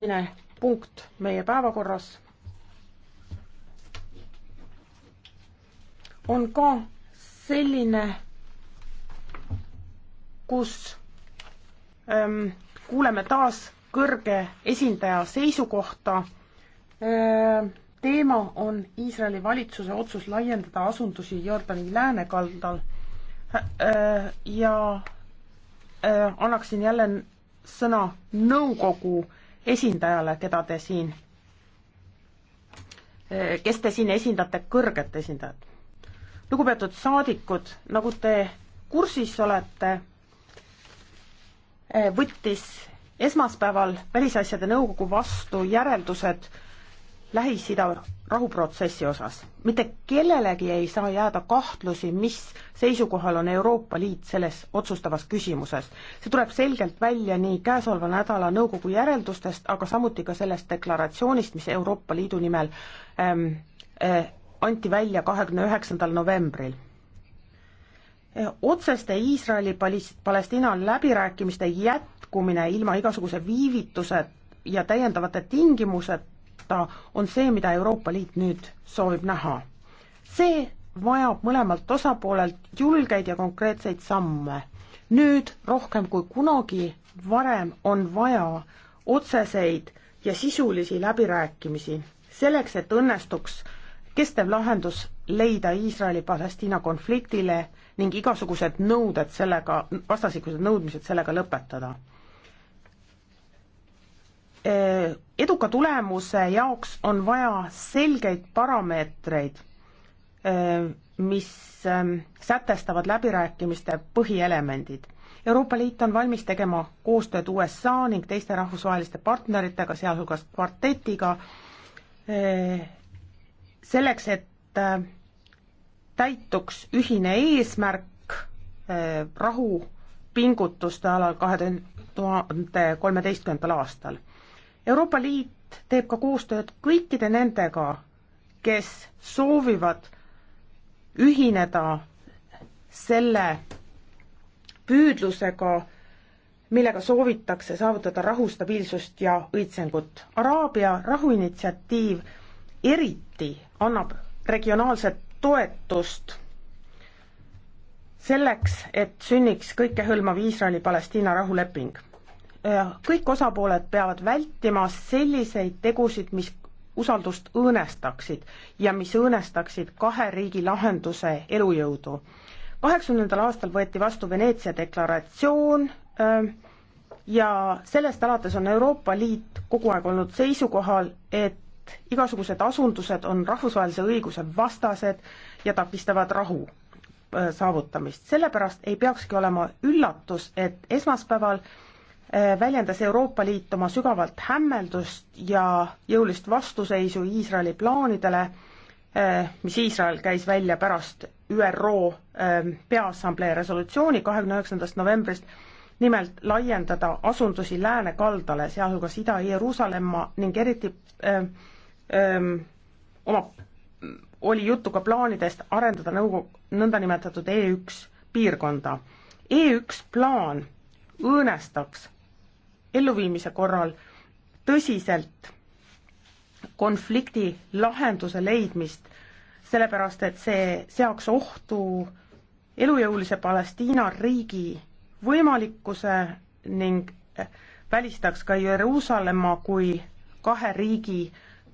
teine punkt meie päevakorras on ka selline, kus ähm, kuuleme taas kõrge esindaja seisukohta ähm,. teema on Iisraeli valitsuse otsus laiendada asundusi Jordani läänekaldal äh, ja äh, annaksin jälle sõna nõukogu äh, esindajale, keda te siin, kes te siin esindate, kõrget esindajat. lugupeetud saadikud, nagu te kursis olete, võttis esmaspäeval Välisasjade Nõukogu vastu järeldused Lähis-Ida rahuprotsessi osas. mitte kellelegi ei saa jääda kahtlusi, mis seisukohal on Euroopa Liit selles otsustavas küsimuses. see tuleb selgelt välja nii käesoleva nädala nõukogu järeldustest, aga samuti ka sellest deklaratsioonist, mis Euroopa Liidu nimel ähm, äh, anti välja kahekümne üheksandal novembril äh, otseste Iisraeli-Palestiina läbirääkimiste jätkumine ilma igasuguse viivituse ja täiendavate tingimused kohta on see, mida Euroopa Liit nüüd soovib näha. see vajab mõlemalt osapoolelt julgeid ja konkreetseid samme. nüüd rohkem kui kunagi varem on vaja otseseid ja sisulisi läbirääkimisi selleks, et õnnestuks kestev lahendus leida Iisraeli-Palestiina konfliktile ning igasugused nõuded sellega, vastastikused nõudmised sellega lõpetada Äh, eduka tulemuse jaoks on vaja selgeid parameetreid, äh, mis ähm, sätestavad läbirääkimiste põhielemendid. Euroopa Liit on valmis tegema koostööd USA ning teiste rahvusvaheliste partneritega, sealhulgas kvartetiga, äh, selleks, et täituks ühine eesmärk rahu pingutuste alal kahe tuhande kolmeteistkümnendal aastal Euroopa Liit teeb ka koostööd kõikide nendega, kes soovivad ühineda selle püüdlusega, millega soovitakse saavutada rahu, stabiilsust ja õitsengut. Araabia rahuinitsiatiiv eriti annab regionaalset toetust selleks, et sünniks kõikehõlmav Iisraeli-Palestiina rahuleping Äh, kõik osapooled peavad vältima selliseid tegusid, mis usaldust õõnestaksid ja mis õõnestaksid kahe riigi lahenduse elujõudu. kaheksakümnendal aastal võeti vastu Veneetsia deklaratsioon äh, ja sellest alates on Euroopa Liit kogu aeg olnud seisukohal, et igasugused asundused on rahvusvahelise õiguse vastased ja takistavad rahu äh, saavutamist. sellepärast ei peakski olema üllatus, et esmaspäeval äh, Äh, väljendas Euroopa Liit oma sügavalt hämmeldust ja jõulist vastuseisu Iisraeli plaanidele, äh, mis Iisrael käis välja pärast ÜRO äh, Peaassamblee resolutsiooni kahekümne üheksandast novembrist, nimelt laiendada asundusi lääne kaldale, sealhulgas Ida-Jeruusalemma ning eriti öö, öö, ähm, oma, oli juttu ka plaanidest arendada nõukogu, nõndanimetatud E1 piirkonda. E1 plaan õõnestaks elluviimise korral tõsiselt konflikti lahenduse leidmist, sellepärast et see seaks ohtu elujõulise Palestiina riigi võimalikkuse ning välistaks ka Jeruusalemma kui kahe riigi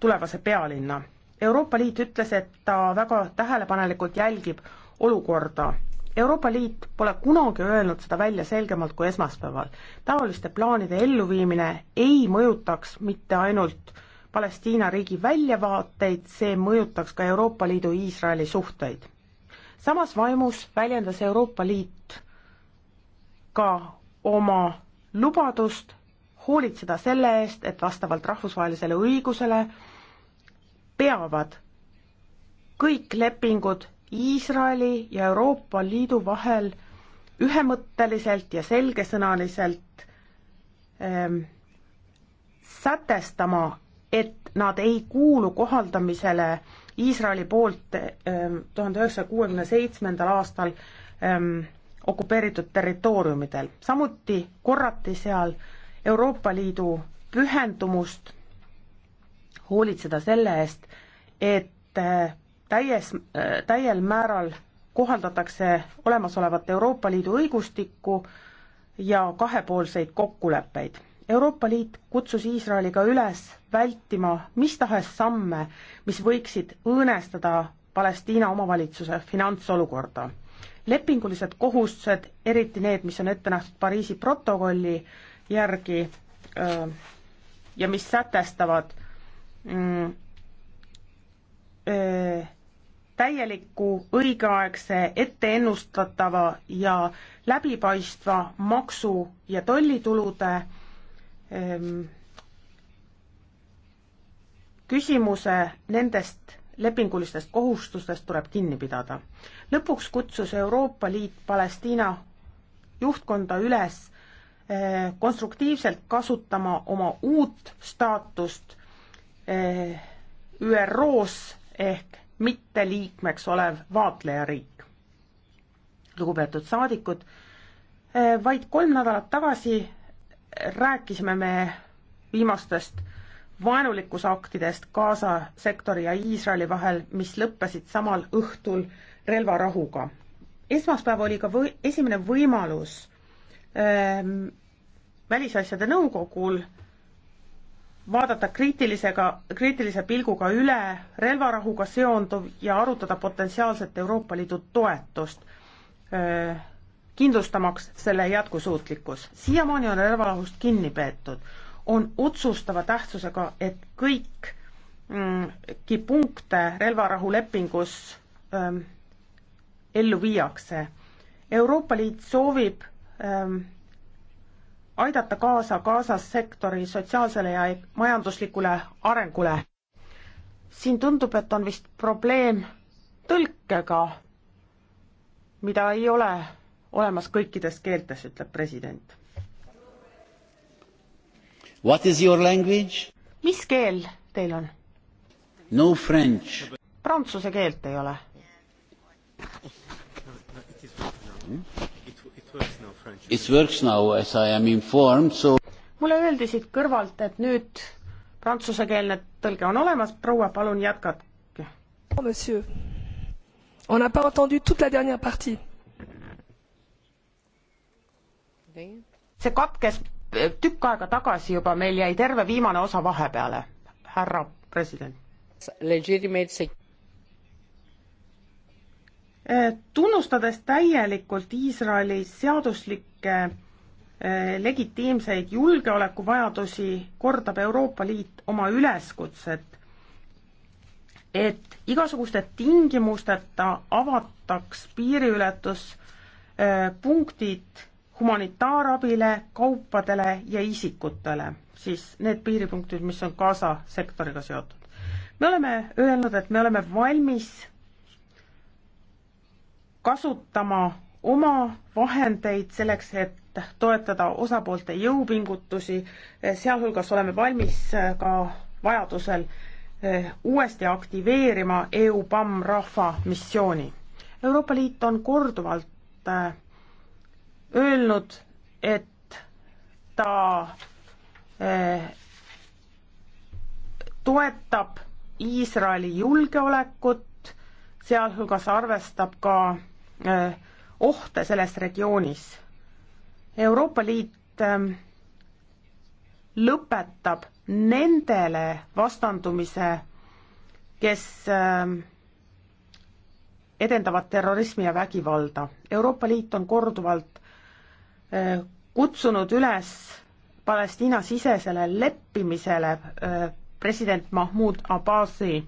tulevase pealinna. Euroopa Liit ütles, et ta väga tähelepanelikult jälgib olukorda Euroopa Liit pole kunagi öelnud seda välja selgemalt kui esmaspäeval. taoliste plaanide elluviimine ei mõjutaks mitte ainult Palestiina riigi väljavaateid, see mõjutaks ka Euroopa Liidu Iisraeli suhteid. samas vaimus väljendas Euroopa Liit ka oma lubadust hoolitseda selle eest, et vastavalt rahvusvahelisele õigusele peavad kõik lepingud Iisraeli ja Euroopa Liidu vahel ühemõtteliselt ja selgesõnaliselt ähm, sätestama, et nad ei kuulu kohaldamisele Iisraeli poolt tuhande ehm, üheksasaja kuuekümne seitsmendal aastal ähm, okupeeritud territooriumidel. samuti korrati seal Euroopa Liidu pühendumust hoolitseda selle eest, et äh, täies, täiel määral kohaldatakse olemasolevat Euroopa Liidu õigustikku ja kahepoolseid kokkuleppeid. Euroopa Liit kutsus Iisraeliga üles vältima mis tahes samme, mis võiksid õõnestada Palestiina omavalitsuse finantsolukorda. lepingulised kohustused, eriti need, mis on ette nähtud Pariisi protokolli järgi ja mis sätestavad mm, täieliku, õigeaegse, etteennustatava ja läbipaistva maksu- ja tollitulude ähm, küsimuse nendest lepingulistest kohustustest tuleb kinni pidada. lõpuks kutsus Euroopa Liit Palestiina juhtkonda üles äh, konstruktiivselt kasutama oma uut staatust äh, ÜRO-s ehk mitte liikmeks olev vaatlejariik. lugupeetud saadikud, eh, vaid kolm nädalat tagasi rääkisime me viimastest vaenulikkusaktidest Gaza sektori ja Iisraeli vahel, mis lõppesid samal õhtul relvarahuga. esmaspäev oli ka või-, esimene võimalus ähm, välisasjade nõukogul vaadata kriitilisega, kriitilise pilguga üle relvarahuga seonduv ja arutada potentsiaalset Euroopa Liidu toetust, kindlustamaks selle jätkusuutlikkus. siiamaani on relvarahust kinni peetud. on otsustava tähtsusega, et kõiki mm, punkte relvarahulepingus ellu viiakse. Euroopa Liit soovib öö, aidata kaasa Gazas sektori sotsiaalsele ja majanduslikule arengule. siin tundub, et on vist probleem tõlkega, mida ei ole olemas kõikides keeltes, ütleb president. What is your language? mis keel teil on? No French. Prantsuse keelt ei ole hmm?. It works now as I am informed, so mulle öeldi siit kõrvalt, et nüüd prantsusekeelne tõlge on olemas, proua, palun jätkake. Oh, monsieur, on n'a pas entendu toute la dernière partie. see katkes eh, tükk aega tagasi juba, meil jäi terve viimane osa vahepeale, härra president. Legitimate Eh, tunnustades täielikult Iisraeli seaduslikke eh, legitiimseid julgeolekuvajadusi, kordab Euroopa Liit oma üleskutset, et igasuguste tingimusteta avataks piiriületuspunktid eh, humanitaarabile, kaupadele ja isikutele, siis need piiripunktid, mis on Gaza sektoriga seotud. me oleme öelnud, et me oleme valmis kasutama oma vahendeid selleks, et toetada osapoolte jõupingutusi, sealhulgas oleme valmis äh, ka vajadusel äh, uuesti aktiveerima EUPAM rahva missiooni. Euroopa Liit on korduvalt äh, öelnud, et ta toetab Iisraeli julgeolekut, sealhulgas arvestab ka Äh, ohte selles regioonis. Euroopa Liit ähm, lõpetab nendele vastandumise, kes ähm, edendavad terrorismi ja vägivalda. Euroopa Liit on korduvalt äh, kutsunud üles Palestiina sisesele leppimisele äh, president Mahmoud Abbasi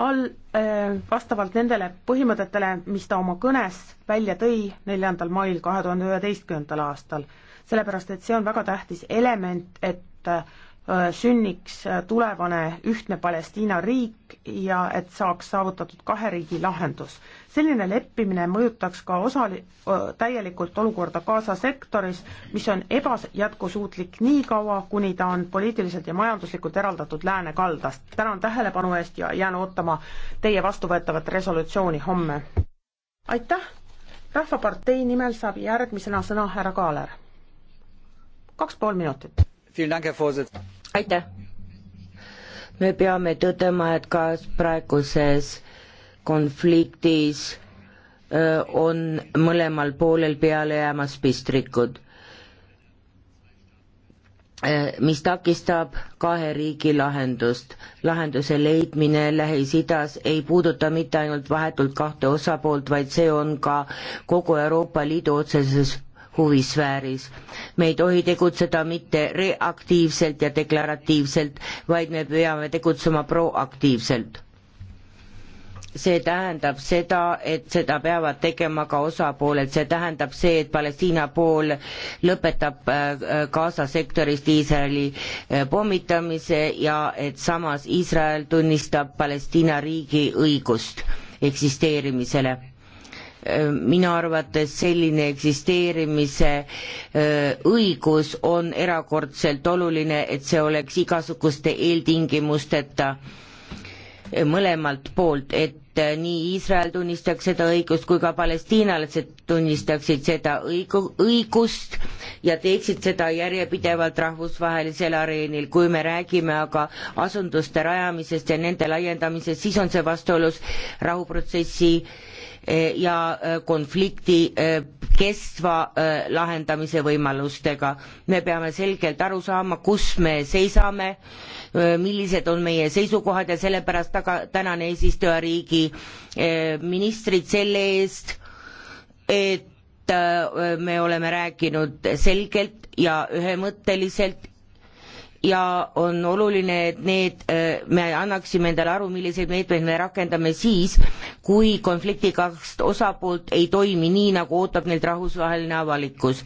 all äh, vastavalt nendele põhimõtetele, mis ta oma kõnes välja tõi neljandal mail kahe tuhande üheteistkümnendal aastal. sellepärast, et see on väga tähtis element, et äh, Äh, sünniks äh, tulevane ühtne Palestiina riik ja et saaks saavutatud kahe riigi lahendus. selline leppimine mõjutaks ka osa, täielikult olukorda Gaza sektoris, mis on ebajätkusuutlik nii kaua, kuni ta on poliitiliselt ja majanduslikult eraldatud lääne kaldast. tänan tähelepanu eest ja jään ootama teie vastuvõetavat resolutsiooni homme. aitäh, Rahvapartei nimel saab järgmisena sõna härra Kaaler. kaks pool minutit aitäh! me peame tõdema, et ka praeguses konfliktis on mõlemal poolel peale jäämas pistrikud, mis takistab kahe riigi lahendust. lahenduse leidmine Lähis-Idas ei puuduta mitte ainult vahetult kahte osapoolt, vaid see on ka kogu Euroopa Liidu otseses huvisfääris. me ei tohi tegutseda mitte reaktiivselt ja deklaratiivselt, vaid me peame tegutsema proaktiivselt. see tähendab seda, et seda peavad tegema ka osapooled, see tähendab see, et Palestiina pool lõpetab äh, Gaza sektorist Iisraeli äh, pommitamise ja et samas Iisrael tunnistab Palestiina riigi õigust eksisteerimisele minu arvates selline eksisteerimise õigus on erakordselt oluline, et see oleks igasuguste eeltingimusteta mõlemalt poolt, et nii Iisrael tunnistaks seda õigust kui ka palestiinlased tunnistaksid seda õigu-, õigust ja teeksid seda järjepidevalt rahvusvahelisel areenil. kui me räägime aga asunduste rajamisest ja nende laiendamisest, siis on see vastuolus rahuprotsessi äh, Eh, ja eh, konflikti eh, kestva lahendamise võimalustega. me peame selgelt aru saama, kus me seisame, millised on meie seisukohad ja sellepärast taga, tänan eesistujariigi ministrit selle eest, et me oleme rääkinud selgelt ja ühemõtteliselt ja on oluline, et need, äh, me annaksime endale aru, milliseid meetmeid me rakendame siis, kui konflikti kaks osapoolt ei toimi nii, nagu ootab neilt rahvusvaheline avalikkus.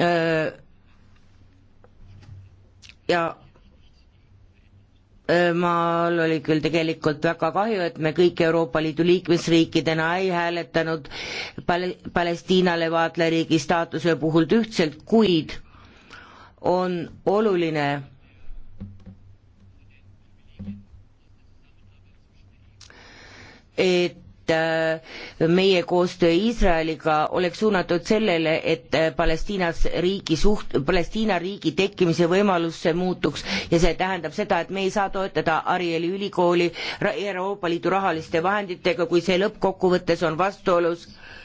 Äh, ja äh, maal oli küll tegelikult väga kahju, et me kõik Euroopa Liidu liikmesriikidena ei hääletanud Pal-, Palestiinale vaatlejariigi staatuse puhul ühtselt, kuid on oluline et äh, meie koostöö Iisraeliga oleks suunatud sellele, et äh, Palestiinas riigi suht-, Palestiina riigi tekkimise võimalus muutuks ja see tähendab seda, et me ei saa toetada Arieli ülikooli Euroopa Liidu rahaliste vahenditega, kui see lõppkokkuvõttes on vastuolus äh,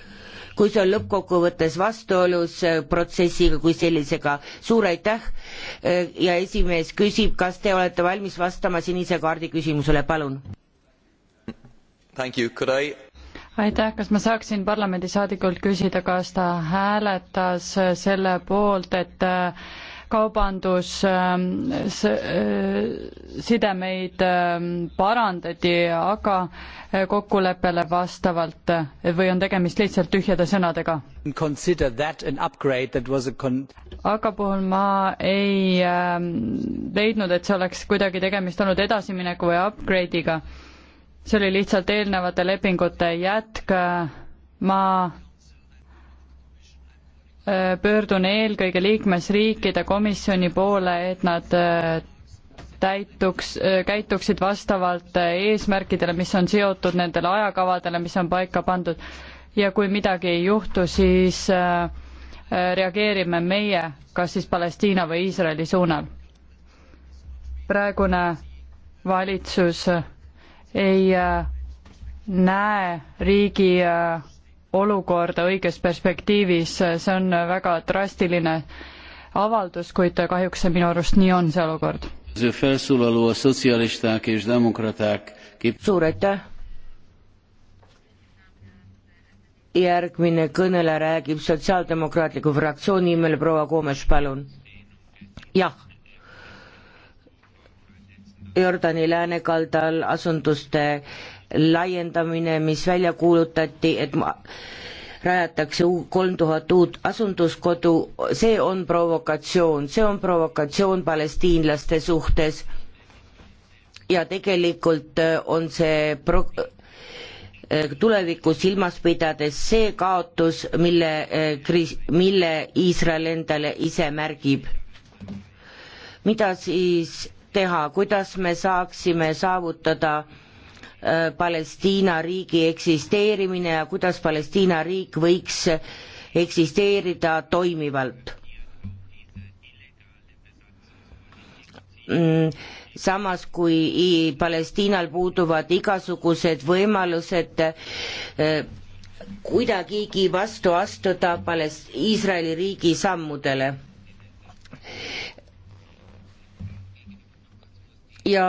kui see on lõppkokkuvõttes vastuolus äh, protsessiga kui sellisega. suur aitäh äh, ja esimees küsib, kas te olete valmis vastama sinise kaardi küsimusele, palun. I... aitäh, kas ma saaksin parlamendisaadikult küsida, kas ta hääletas selle poolt, et äh, kaubandussidemeid ähm, äh, ähm, parandati, aga äh, kokkuleppele vastavalt äh, või on tegemist lihtsalt tühjade sõnadega? aga puhul ma ei ähm, leidnud, et see oleks kuidagi tegemist olnud edasimineku või upgrade'iga. see oli lihtsalt eelnevate lepingute jätk. ma pöördun eelkõige liikmesriikide komisjoni poole, et nad äh, täituks, äh, käituksid vastavalt äh, eesmärkidele, mis on seotud nendele ajakavadele, mis on paika pandud. ja kui midagi ei juhtu, siis reageerime meie, kas siis Palestiina või Iisraeli suunal. praegune valitsus ei näe riigi olukorda õiges perspektiivis, see on väga drastiline avaldus, kuid kahjuks see minu arust nii on, see olukord. suur aitäh. järgmine kõneleja räägib Sotsiaaldemokraatliku fraktsiooni nimel, proua Koomes, palun. jah. Jordani läänekaldal asunduste laiendamine, mis välja kuulutati, et ma rajatakse kolm tuhat uut asunduskodu, see on provokatsioon, see on provokatsioon palestiinlaste suhtes. ja tegelikult äh, on see pro-, äh, tulevikku silmas pidades see kaotus, mille, äh, mille Iisrael endale ise märgib. mida siis teha, kuidas me saaksime saavutada äh, Äh, Palestiina riigi eksisteerimine ja kuidas Palestiina riik võiks eksisteerida toimivalt. Mm, samas kui Palestiinal puuduvad igasugused võimalused äh, kuidagigi vastu astuda Palest-, Iisraeli riigi sammudele. ja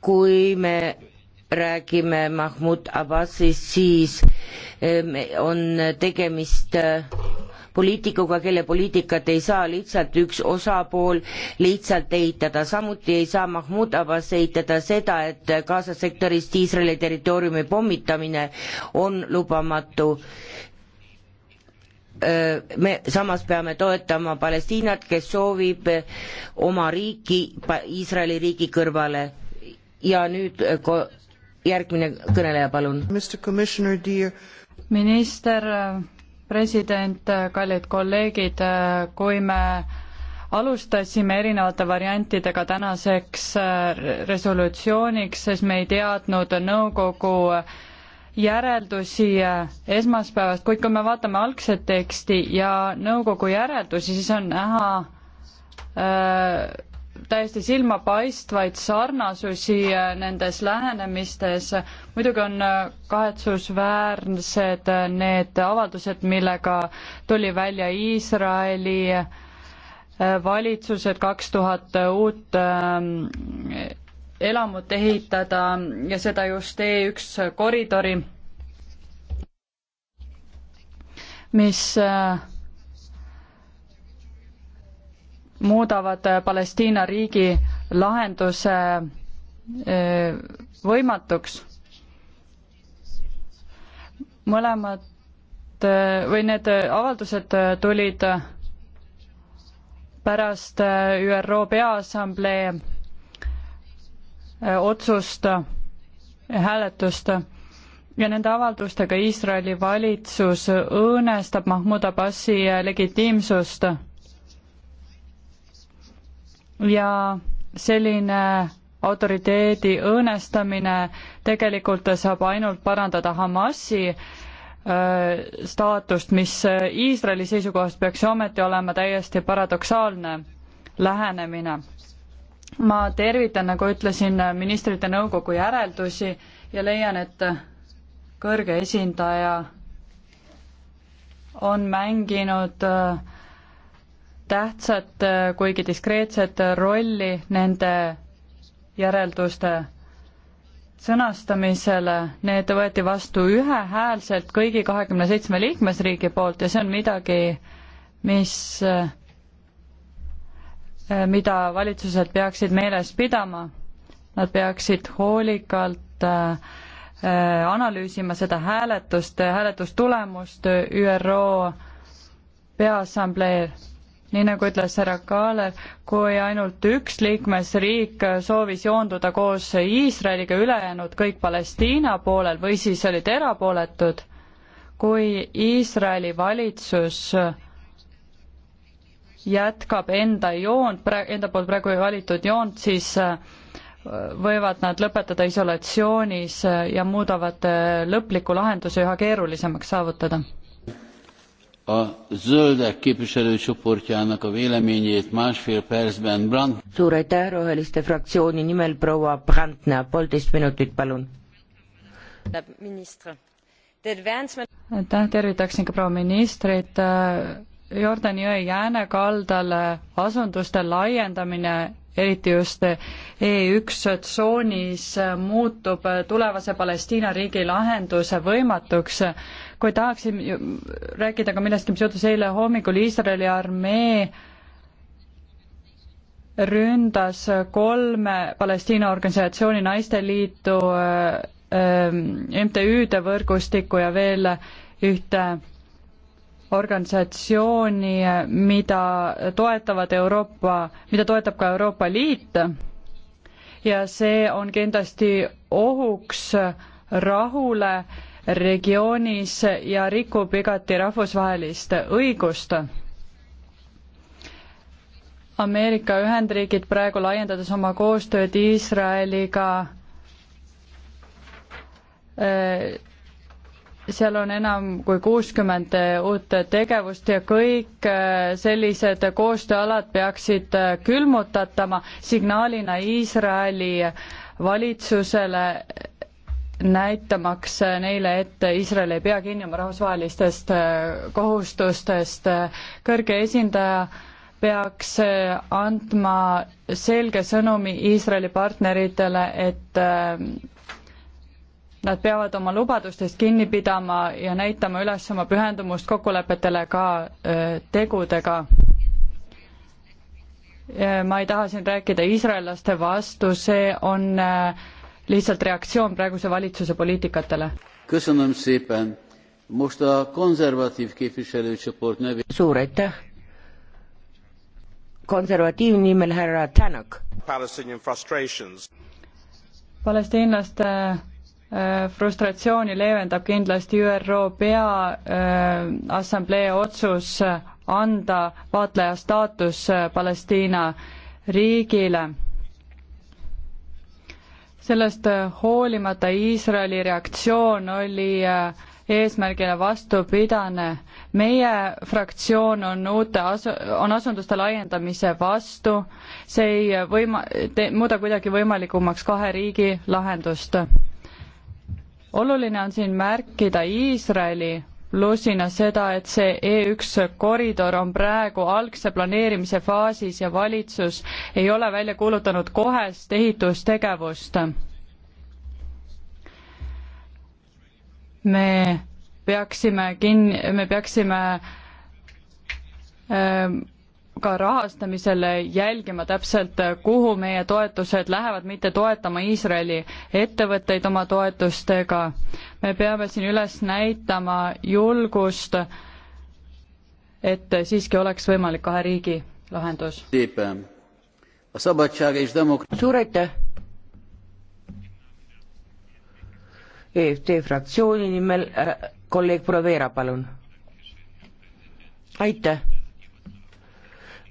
kui me räägime Mahmud Abbasist, siis ehm, on tegemist äh, poliitikuga, kelle poliitikat ei saa lihtsalt üks osapool lihtsalt eitada. samuti ei saa Mahmud Abbas eitada seda, et Gaza sektorist Iisraeli territooriumi pommitamine on lubamatu äh, me samas peame toetama Palestiinat, kes soovib äh, oma riiki Iisraeli riigi kõrvale ja nüüd järgmine kõneleja, palun. minister, president, kallid kolleegid, kui me alustasime erinevate variantidega tänaseks äh, resolutsiooniks, siis me ei teadnud nõukogu järeldusi äh, esmaspäevast, kuid kui me vaatame algset teksti ja nõukogu järeldusi, siis on näha äh, täiesti silmapaistvaid sarnasusi äh, nendes lähenemistes. muidugi on äh, kahetsusväärsed äh, need avaldused, millega tuli välja Iisraeli valitsused kaks tuhat uut elamut ehitada ja seda just E1 koridori, mis äh, muudavad Palestiina riigi lahenduse eh, võimatuks. mõlemad eh, või need avaldused tulid pärast eh, ÜRO Peaassamblee otsust, hääletust ja nende avaldustega Iisraeli valitsus õõnestab Mahmoud Abbasi legitiimsust ja selline autoriteedi õõnestamine tegelikult saab ainult parandada Hamasi äh, staatust, mis äh, Iisraeli seisukohast peaks ju ometi olema täiesti paradoksaalne lähenemine. ma tervitan, nagu ütlesin, ministrite nõukogu järeldusi ja leian, et kõrge esindaja on mänginud äh, tähtsat, äh, kuigi diskreetset rolli nende järelduste sõnastamisele, need võeti vastu ühehäälselt kõigi kahekümne seitsme liikmesriigi poolt ja see on midagi, mis, äh, mida valitsused peaksid meeles pidama. Nad peaksid hoolikalt äh, analüüsima seda hääletust, hääletustulemust ÜRO Peaassamblee nii nagu ütles härra Kaaler, kui ainult üks liikmesriik soovis joonduda koos Iisraeliga, ülejäänud kõik Palestiina poolel või siis olid erapooletud, kui Iisraeli valitsus jätkab enda joont, enda poolt praegu valitud joont, siis äh, võivad nad lõpetada isolatsioonis ja muudavad äh, lõpliku lahenduse üha keerulisemaks saavutada a zöldek képviselőcsoportjának a véleményét másfél percben Brand. suur aitäh Roheliste fraktsiooni nimel proua Brandna, poolteist minutit palun. aitäh, tervitaksin ka proua ministrit. Jordani jõe jäänekaldale asunduste laiendamine eriti just E1 tsoonis muutub tulevase Palestiina riigi lahenduse võimatuks kuid tahaksin rääkida ka millestki, mis juhtus eile hommikul, Iisraeli armee ründas kolme Palestiina organisatsiooni Naisteliitu, MTÜ-de ähm, võrgustikku ja veel ühte organisatsiooni, mida toetavad Euroopa, mida toetab ka Euroopa Liit ja see on kindlasti ohuks rahule regioonis ja rikub igati rahvusvahelist õigust. Ameerika Ühendriigid praegu laiendades oma koostööd Iisraeliga eh, seal on enam kui kuuskümmend uut tegevust ja kõik eh, sellised koostööalad peaksid eh, külmutatama signaalina Iisraeli valitsusele, näitamaks neile, et Iisrael ei pea kinni oma rahvusvahelistest äh, kohustustest. kõrge esindaja peaks äh, andma selge sõnumi Iisraeli partneritele, et äh, nad peavad oma lubadustest kinni pidama ja näitama üles oma pühendumust kokkulepetele ka tegudega ma ei taha siin rääkida iisraellaste vastu, see on lihtsalt reaktsioon praeguse valitsuse poliitikatele. suur aitäh. konservatiiv nimel härra Tänak. palestiinlaste äh, frustratsiooni leevendab kindlasti ÜRO Peaassamblee äh, otsus äh, anda vaatleja staatus Palestiina riigile sellest äh, hoolimata Iisraeli reaktsioon oli äh, eesmärgile vastupidane. meie fraktsioon on uute asu-, on asunduste laiendamise vastu, see ei äh, võima-, te-, muuda kuidagi võimalikumaks kahe riigi lahendust. oluline on siin märkida Iisraeli plusina seda, et see E1 koridor on praegu algse planeerimise faasis ja valitsus ei ole välja kuulutanud kohest ehitustegevust. me peaksime kin-, me peaksime ähm, ka rahastamisel jälgima täpselt, kuhu meie toetused lähevad, mitte toetama Iisraeli ettevõtteid oma toetustega. me peame siin üles näitama julgust, et siiski oleks võimalik kahe riigi lahendus. suur aitäh! EFT fraktsiooni nimel kolleeg Provera, palun. aitäh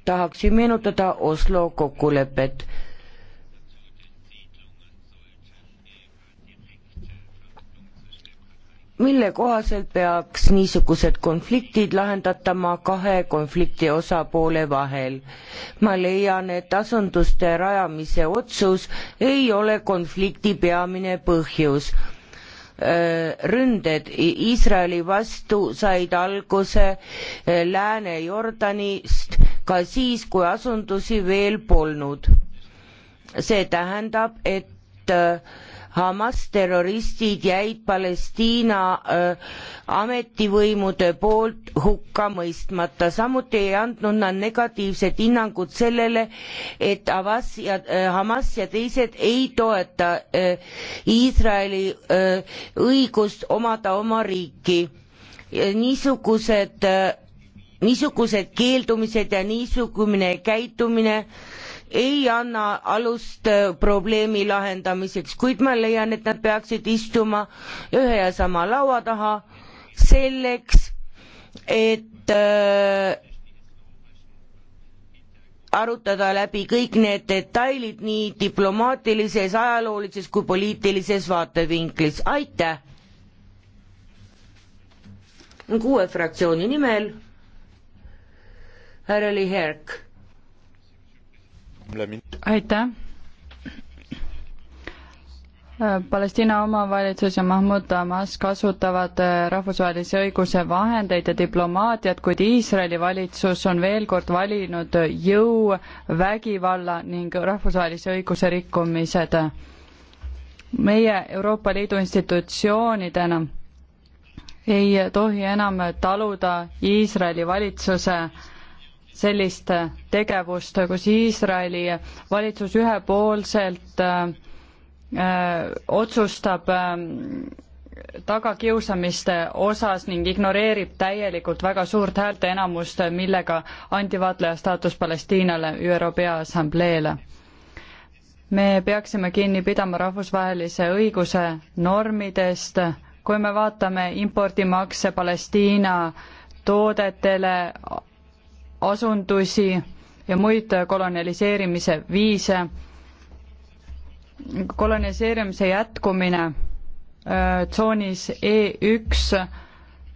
tahaksin meenutada Oslo kokkulepet. mille kohaselt peaks niisugused konfliktid lahendatama kahe konflikti osapoole vahel. ma leian, et asunduste rajamise otsus ei ole konflikti peamine põhjus Äh, ründed Iisraeli vastu said alguse äh, Lääne-Jordanist ka siis, kui asundusi veel polnud. see tähendab, et äh, Hamas terroristid jäid Palestiina äh, ametivõimude poolt hukka mõistmata, samuti ei andnud nad negatiivset hinnangut sellele, et Abbas ja äh, Hamas ja teised ei toeta äh, Iisraeli äh, õigust omada oma riiki. niisugused äh, niisugused keeldumised ja niisugune käitumine ei anna alust äh, probleemi lahendamiseks, kuid ma leian, et nad peaksid istuma ühe ja sama laua taha selleks, et äh, arutada läbi kõik need detailid nii diplomaatilises, ajaloolises kui poliitilises vaatevinklis, aitäh! kuue fraktsiooni nimel härra Lee Herk. aitäh. Palestiina omavalitsus ja Mahmud Hamas kasutavad äh, rahvusvahelise õiguse vahendeid ja diplomaatiat, kuid Iisraeli valitsus on veel kord valinud jõu, vägivalla ning rahvusvahelise õiguse rikkumised. meie Euroopa Liidu institutsioonidena ei tohi enam taluda Iisraeli valitsuse sellist tegevust, kus Iisraeli valitsus ühepoolselt äh, äh, otsustab äh, tagakiusamiste osas ning ignoreerib täielikult väga suurt häälteenamust, millega anti vaatleja staatus Palestiinale ÜRO Peaassambleele. me peaksime kinni pidama rahvusvahelise õiguse normidest, kui me vaatame impordimakse Palestiina toodetele, asundusi ja muid kolonialiseerimise viise. koloniseerimise jätkumine äh, tsoonis E üks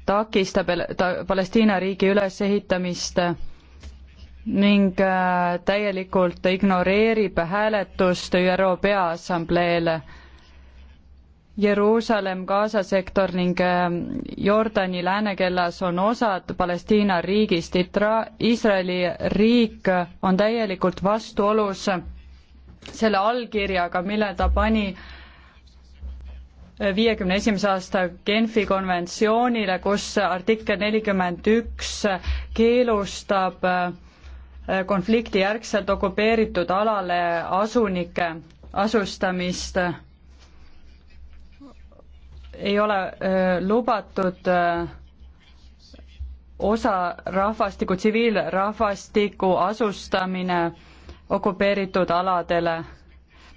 takistab ta Palestiina riigi ülesehitamist ning äh, täielikult ignoreerib hääletust ÜRO Peaassambleel Jeruusalemm, Gaza sektor ning ähm, Jordani läänekellas on osad Palestiina riigist. Iisraeli riik on täielikult vastuolus selle allkirjaga, mille ta pani äh, viiekümne esimese aasta Genfi konventsioonile, kus artikkel nelikümmend üks keelustab äh, konfliktijärgselt okupeeritud alale asunike asustamist ei ole öö, lubatud öö, osa rahvastiku, tsiviilrahvastiku asustamine okupeeritud aladele.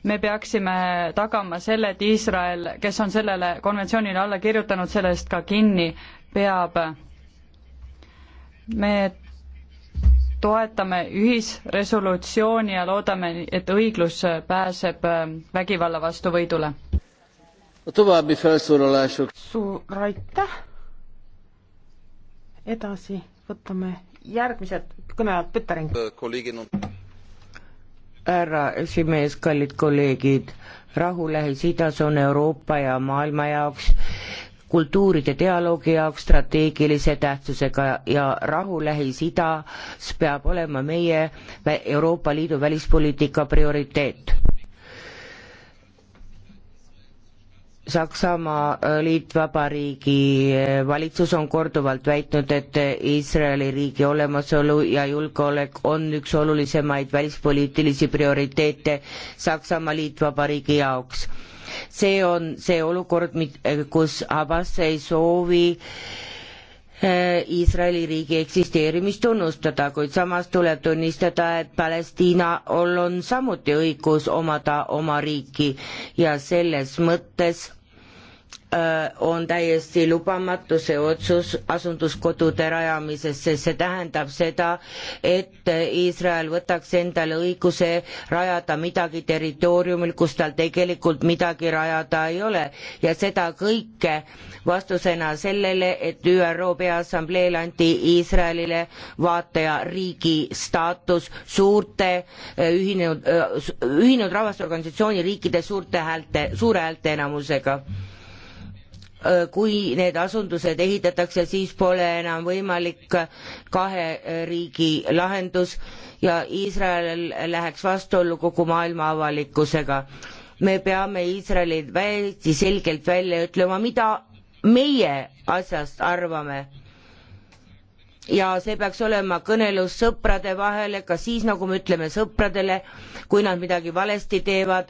me peaksime tagama selle, et Iisrael, kes on sellele konventsioonile alla kirjutanud, sellest ka kinni peab. me toetame ühisresolutsiooni ja loodame, et õiglus pääseb vägivalla vastu võidule. A további felszólalások. Suur aitäh! Edasi võtame järgmised kõnelejad, Püttering. härra esimees, kallid kolleegid, rahu Lähis-Idas on Euroopa ja maailma jaoks kultuuride dialoogi jaoks strateegilise tähtsusega ja rahu Lähis-Idas peab olema meie Euroopa Liidu välispoliitika prioriteet Saksamaa äh, Liitvabariigi äh, valitsus on korduvalt väitnud, et äh, Iisraeli riigi olemasolu ja julgeolek on üks olulisemaid välispoliitilisi prioriteete Saksamaa Liitvabariigi jaoks. see on see olukord, kus Abbas ei soovi Iisraeli riigi eksisteerimist tunnustada, kuid samas tuleb tunnistada, et Palestiinal on samuti õigus omada oma riiki ja selles mõttes Äh, on täiesti lubamatu see otsus asunduskodude rajamisest, sest see tähendab seda, et Iisrael võtaks endale õiguse rajada midagi territooriumil, kus tal tegelikult midagi rajada ei ole ja seda kõike vastusena sellele, et ÜRO Peaassambleel anti Iisraelile vaatajariigi staatus suurte äh, ühinenud, äh, ühinenud rahvaste organisatsiooni riikide suurte häälte, suure häälteenamusega Äh, kui need asundused ehitatakse, siis pole enam võimalik kahe riigi lahendus ja Iisrael läheks vastuollu kogu maailma avalikkusega. me peame Iisraelil täiesti selgelt välja ütlema, mida meie asjast arvame. ja see peaks olema kõnelus sõprade vahel, ka siis, nagu me ütleme sõpradele, kui nad midagi valesti teevad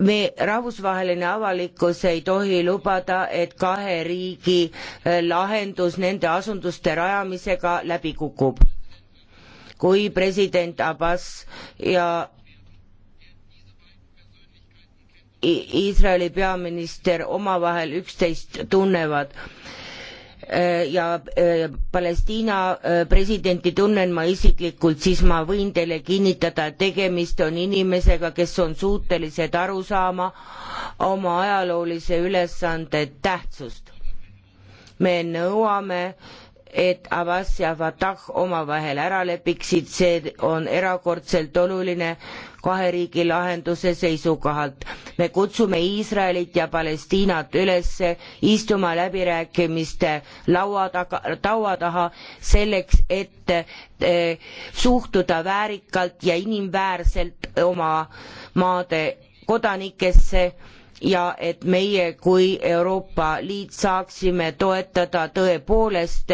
me, rahvusvaheline avalikkus ei tohi lubada, et kahe riigi eh, lahendus nende asunduste rajamisega läbi kukub. kui president Abbas ja Iisraeli peaminister omavahel üksteist tunnevad, Äh, ja äh, Palestiina äh, presidenti tunnen ma isiklikult, siis ma võin teile kinnitada, et tegemist on inimesega, kes on suutelised aru saama oma ajaloolise ülesande tähtsust. me nõuame, et Abbas ja Fatah omavahel ära lepiksid, see on erakordselt oluline kahe riigi lahenduse seisukohalt. me kutsume Iisraelit ja Palestiinat üles istuma läbirääkimiste laua taga, laua taha selleks, et e, suhtuda väärikalt ja inimväärselt oma maade kodanikesse ja et meie kui Euroopa Liit saaksime toetada tõepoolest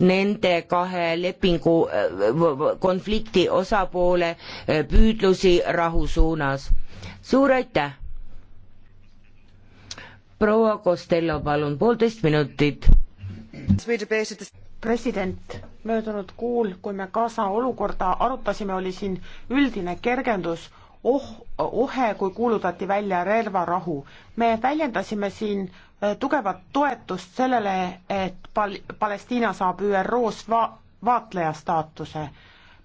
nende kahe lepingu konflikti osapoole eh, püüdlusi rahu suunas. suur aitäh! proua Costello, palun, poolteist minutit. president, möödunud kuul, kui me Gaza olukorda arutasime, oli siin üldine kergendus oh, ohe, kui kuulutati välja relvarahu. me väljendasime siin äh, tugevat toetust sellele, et pal-, Palestiina saab ÜRO-s va-, vaatleja staatuse.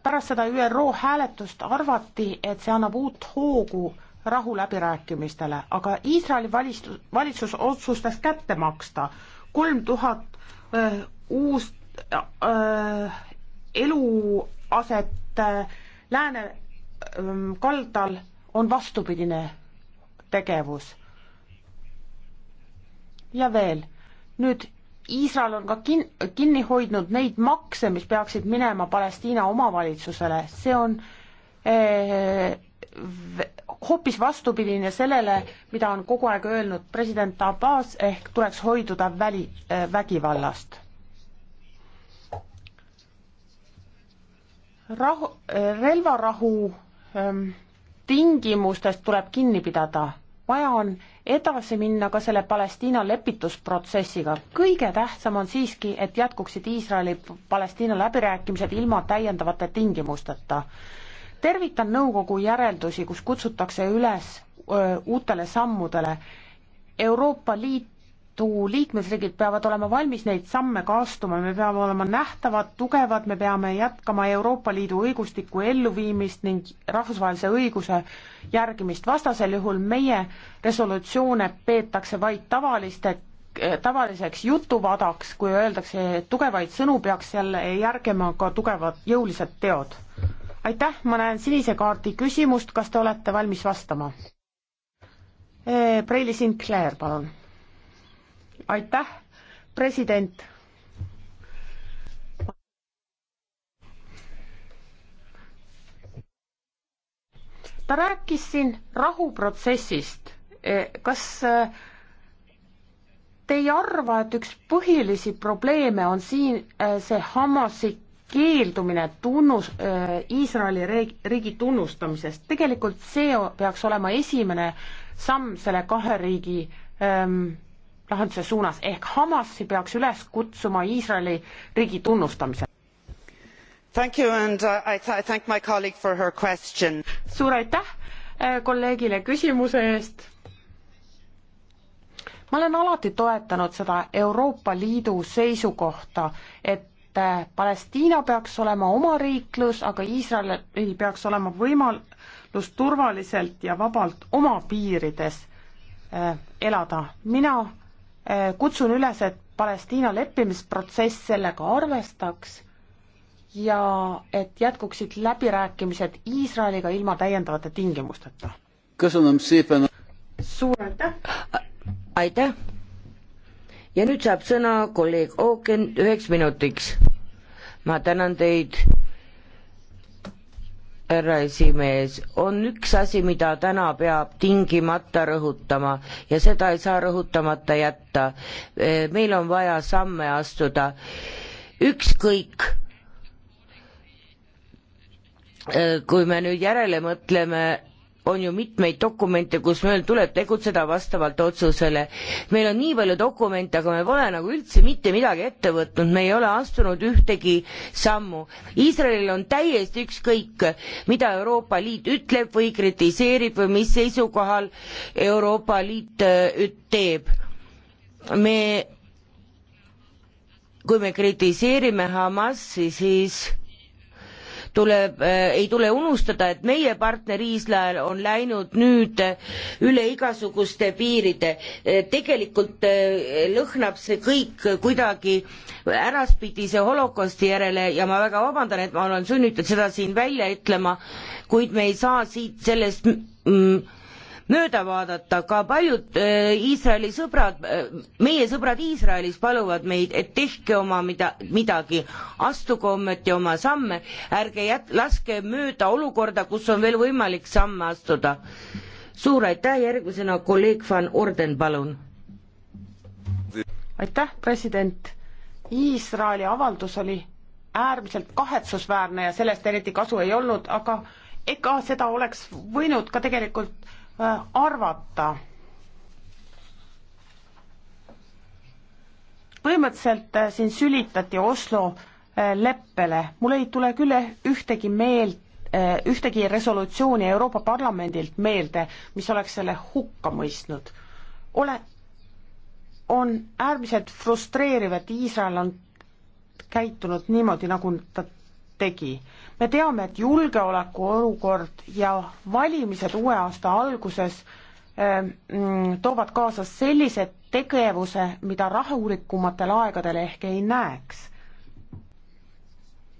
pärast seda ÜRO hääletust arvati, et see annab uut hoogu rahuläbirääkimistele, aga Iisraeli valitsus, valitsus otsustas kätte maksta kolm tuhat äh, uust äh, äh, eluaset äh, lääne kaldal on vastupidine tegevus. ja veel, nüüd Iisrael on ka kin-, kinni hoidnud neid makse, mis peaksid minema Palestiina omavalitsusele, see on eh, hoopis vastupidine sellele, mida on kogu aeg öelnud president Abbas, ehk tuleks hoiduda väli eh,, vägivallast. rahu eh,, relvarahu tingimustest tuleb kinni pidada. vaja on edasi minna ka selle Palestiina lepitusprotsessiga. kõige tähtsam on siiski, et jätkuksid Iisraeli-Palestiina läbirääkimised ilma täiendavate tingimusteta. tervitan nõukogu järeldusi, kus kutsutakse üles öö, uutele sammudele. Euroopa Liit Liidu liikmesriigid peavad olema valmis neid samme ka astuma, me peame olema nähtavad, tugevad, me peame jätkama Euroopa Liidu õigustiku elluviimist ning rahvusvahelise õiguse järgimist, vastasel juhul meie resolutsioone peetakse vaid tavaliste eh, tavaliseks jutuvadaks, kui öeldakse tugevaid sõnu, peaks jälle järgima ka tugevad jõulised teod. aitäh, ma näen sinise kaardi küsimust, kas te olete valmis vastama? Eh, Preili Sinclair, palun aitäh, president. ta rääkis siin rahuprotsessist. E, kas e, te ei arva, et üks põhilisi probleeme on siin e, see Hamasi keeldumine tunnus äh,, Iisraeli riigi tunnustamisest, tegelikult see peaks olema esimene samm selle kahe riigi ähm, lahenduse suunas, ehk Hamasi peaks üles kutsuma Iisraeli riigi tunnustamise. Uh, suur aitäh eh, kolleegile küsimuse eest. ma olen alati toetanud seda Euroopa Liidu seisukohta, et eh, Palestiina peaks olema oma riiklus, aga Iisraelil peaks olema võimalus turvaliselt ja vabalt oma piirides eh, elada. mina kutsun üles, et Palestiina leppimisprotsess sellega arvestaks ja et jätkuksid läbirääkimised Iisraeliga ilma täiendavate tingimusteta. suur aitäh! aitäh! ja nüüd saab sõna kolleeg Ooken üheks minutiks. ma tänan teid härra esimees, on üks asi, mida täna peab tingimata rõhutama ja seda ei saa rõhutamata jätta. meil on vaja samme astuda, ükskõik kui me nüüd järele mõtleme on ju mitmeid dokumente, kus meil tuleb tegutseda vastavalt otsusele. meil on nii palju dokumente, aga me pole nagu üldse mitte midagi ette võtnud, me ei ole astunud ühtegi sammu. Iisraelil on täiesti ükskõik, mida Euroopa Liit ütleb või kritiseerib või mis seisukohal Euroopa Liit äh, teeb. me, kui me kritiseerime Hamasi, siis tuleb äh,, ei tule unustada, et meie partner Iisrael on läinud nüüd eh, üle igasuguste piiride. Eh, tegelikult lõhnab see kõik kuidagi äraspidise holokosti järele ja ma väga vabandan, et ma olen sunnitud seda siin välja ütlema, kuid me ei saa siit sellest mm, mööda vaadata, ka paljud eh, Iisraeli sõbrad, eh, meie sõbrad Iisraelis paluvad meid, et tehke oma mida, midagi, astuge ometi oma samme, ärge jät-, laske mööda olukorda, kus on veel võimalik samme astuda. suur aitäh, järgmisena kolleeg Van Orden, palun. aitäh, president. Iisraeli avaldus oli äärmiselt kahetsusväärne ja sellest eriti kasu ei olnud, aga ega seda oleks võinud ka tegelikult arvata. põhimõtteliselt äh, siin sülitati Oslo äh, leppele, mul ei tule küll äh, ühtegi meelt, ühtegi resolutsiooni Euroopa Parlamendilt meelde, mis oleks selle hukka mõistnud. ole, on äärmiselt frustreeriv, et Iisrael on käitunud niimoodi, nagu ta tegi. me teame, et julgeolekuolukord ja valimised uue aasta alguses ähm, mm, toovad kaasa sellise tegevuse, mida rahulikumatel aegadel ehk ei näeks.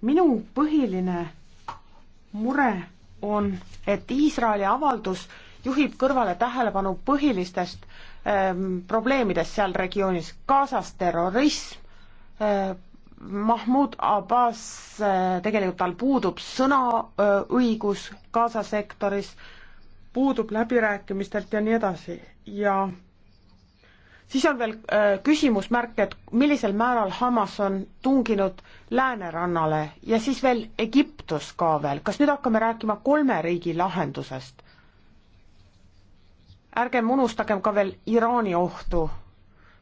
minu põhiline mure on, et Iisraeli avaldus juhib kõrvale tähelepanu põhilistest ähm, probleemidest seal regioonis, Gazas terrorism äh,, Mahmoud Abbas, äh, tegelikult tal puudub sõnaõigus Gaza sektoris, puudub läbirääkimistelt ja nii edasi ja siis on veel äh, küsimusmärk, et millisel määral Hamas on tunginud läänerannale ja siis veel Egiptus ka veel, kas nüüd hakkame rääkima kolme riigi lahendusest? ärgem unustagem ka veel Iraani ohtu.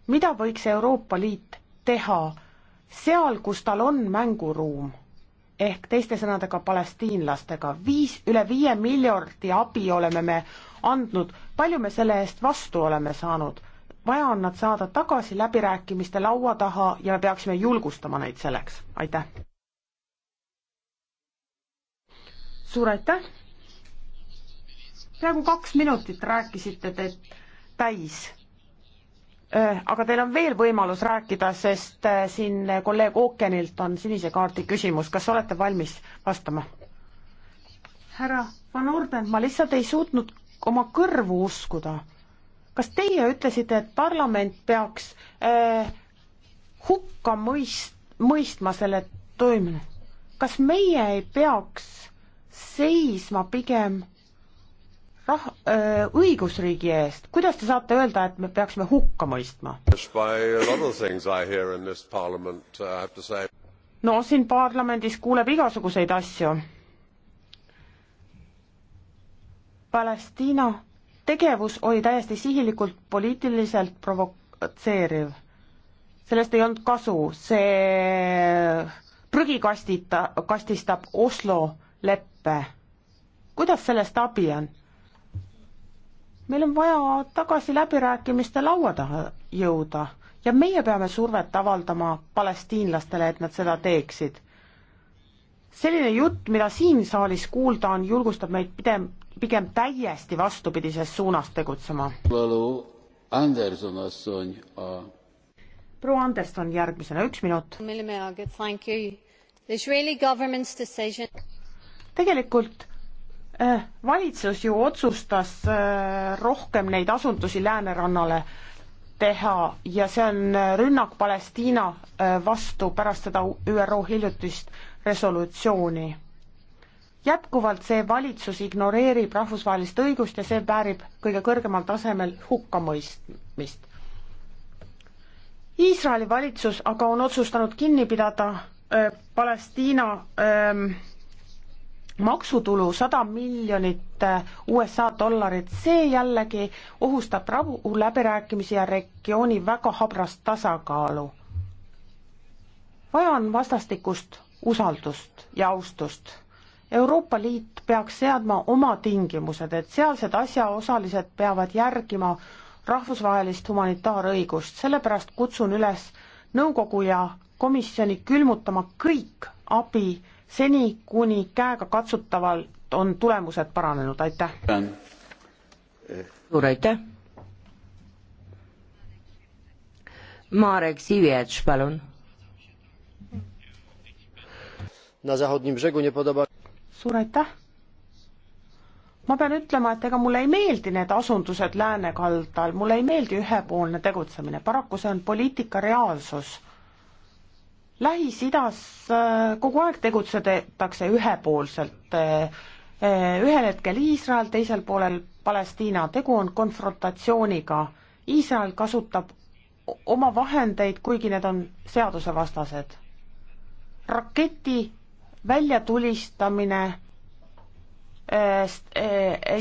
mida võiks Euroopa Liit teha seal, kus tal on mänguruum ehk teiste sõnadega palestiinlastega, viis, üle viie miljardi abi oleme me andnud, palju me selle eest vastu oleme saanud? vaja on nad saada tagasi läbirääkimiste laua taha ja me peaksime julgustama neid selleks, aitäh! suur aitäh! peaaegu kaks minutit rääkisite te täis Äh, aga teil on veel võimalus rääkida, sest äh, siin kolleeg Ookeanilt on sinise kaardi küsimus, kas olete valmis vastama? härra Van Orden, ma lihtsalt ei suutnud oma kõrvu uskuda. kas teie ütlesite, et parlament peaks äh, hukka mõist-, mõistma selle toimimine? kas meie ei peaks seisma pigem rah-, õigusriigi eest, kuidas te saate öelda, et me peaksime hukka mõistma? Uh, no siin parlamendis kuuleb igasuguseid asju. Palestiina tegevus oli täiesti sihilikult poliitiliselt provotseeriv. sellest ei olnud kasu, see prügikastita, kastistab Oslo leppe. kuidas sellest abi on? meil on vaja tagasi läbirääkimiste laua taha jõuda ja meie peame survet avaldama palestiinlastele, et nad seda teeksid. selline jutt, mida siin saalis kuulda on, julgustab meid pigem, pigem täiesti vastupidises suunas tegutsema. proua Anderson järgmisena, üks minut. tegelikult Äh, valitsus ju otsustas äh, rohkem neid asundusi läänerannale teha ja see on äh, rünnak Palestiina vastu pärast seda ÜRO hiljutist resolutsiooni. jätkuvalt see valitsus ignoreerib rahvusvahelist õigust ja see väärib kõige kõrgemal tasemel hukkamõistmist. Iisraeli valitsus aga on otsustanud kinni pidada öö, Palestiina öö, ähm, maksutulu sada miljonit äh, USA dollarit, see jällegi ohustab rahuläbirääkimisi ja regiooni väga habrast tasakaalu. vaja on vastastikust usaldust ja austust. Euroopa Liit peaks seadma oma tingimused, et sealsed asjaosalised peavad järgima rahvusvahelist humanitaarõigust, sellepärast kutsun üles nõukogu ja komisjoni külmutama kõik abi seni, kuni käega katsutavalt on tulemused paranenud, aitäh! suur aitäh! Marek Siviec, palun! suur aitäh! ma pean ütlema, et ega mulle ei meeldi need asundused läänekaldal, mulle ei meeldi ühepoolne tegutsemine, paraku see on poliitika reaalsus Lähis-Idas äh, kogu aeg tegutsetakse ühepoolselt, äh, äh, ühel hetkel Iisrael, teisel poolel Palestiina, tegu on konfrontatsiooniga. Iisrael kasutab oma vahendeid, kuigi need on seadusevastased. raketi väljatulistamine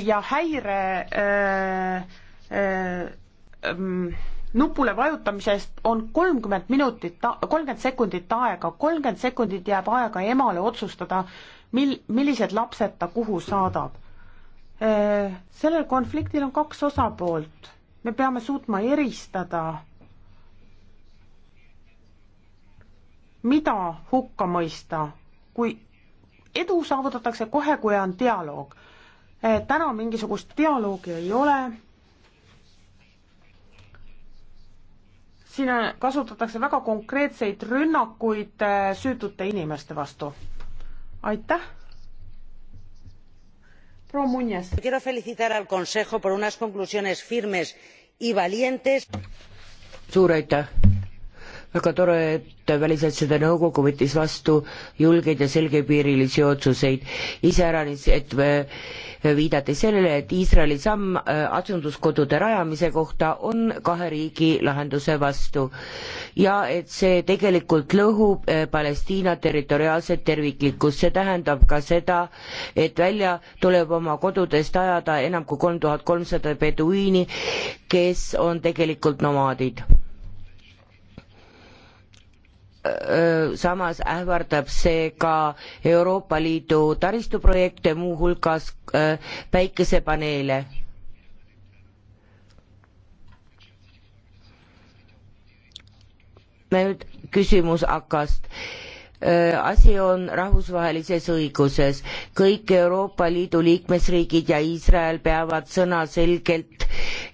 ja häire äh, äh, mm, nupule vajutamisest on kolmkümmend minutit, kolmkümmend sekundit aega, kolmkümmend sekundit jääb aega emale otsustada, mil, millised lapsed ta kuhu saadab. Äh, sellel konfliktil on kaks osapoolt, me peame suutma eristada, mida hukka mõista, kui edu saavutatakse kohe, kui on dialoog. Äh, täna mingisugust dialoogi ei ole siin on, kasutatakse väga konkreetseid rünnakuid äh, süütute inimeste vastu. aitäh. proua Munjes. Quiero felicitar al consejo por unas conclusiones firmes y valientes. suur aitäh väga tore, et Välisasjade Nõukogu võttis vastu julgeid ja selgepiirilisi otsuseid. iseäranis, et viidati sellele, et Iisraeli samm äh, asunduskodude rajamise kohta on kahe riigi lahenduse vastu ja et see tegelikult lõhub äh, Palestiina territoriaalset terviklikkust, see tähendab ka seda, et välja tuleb oma kodudest ajada enam kui kolm tuhat kolmsada beduiini, kes on tegelikult nomaadid samas ähvardab see ka Euroopa Liidu taristuprojekte, muuhulgas päikesepaneele. nüüd küsimus AK-st asi on rahvusvahelises õiguses. kõik Euroopa Liidu liikmesriigid ja Iisrael peavad sõnaselgelt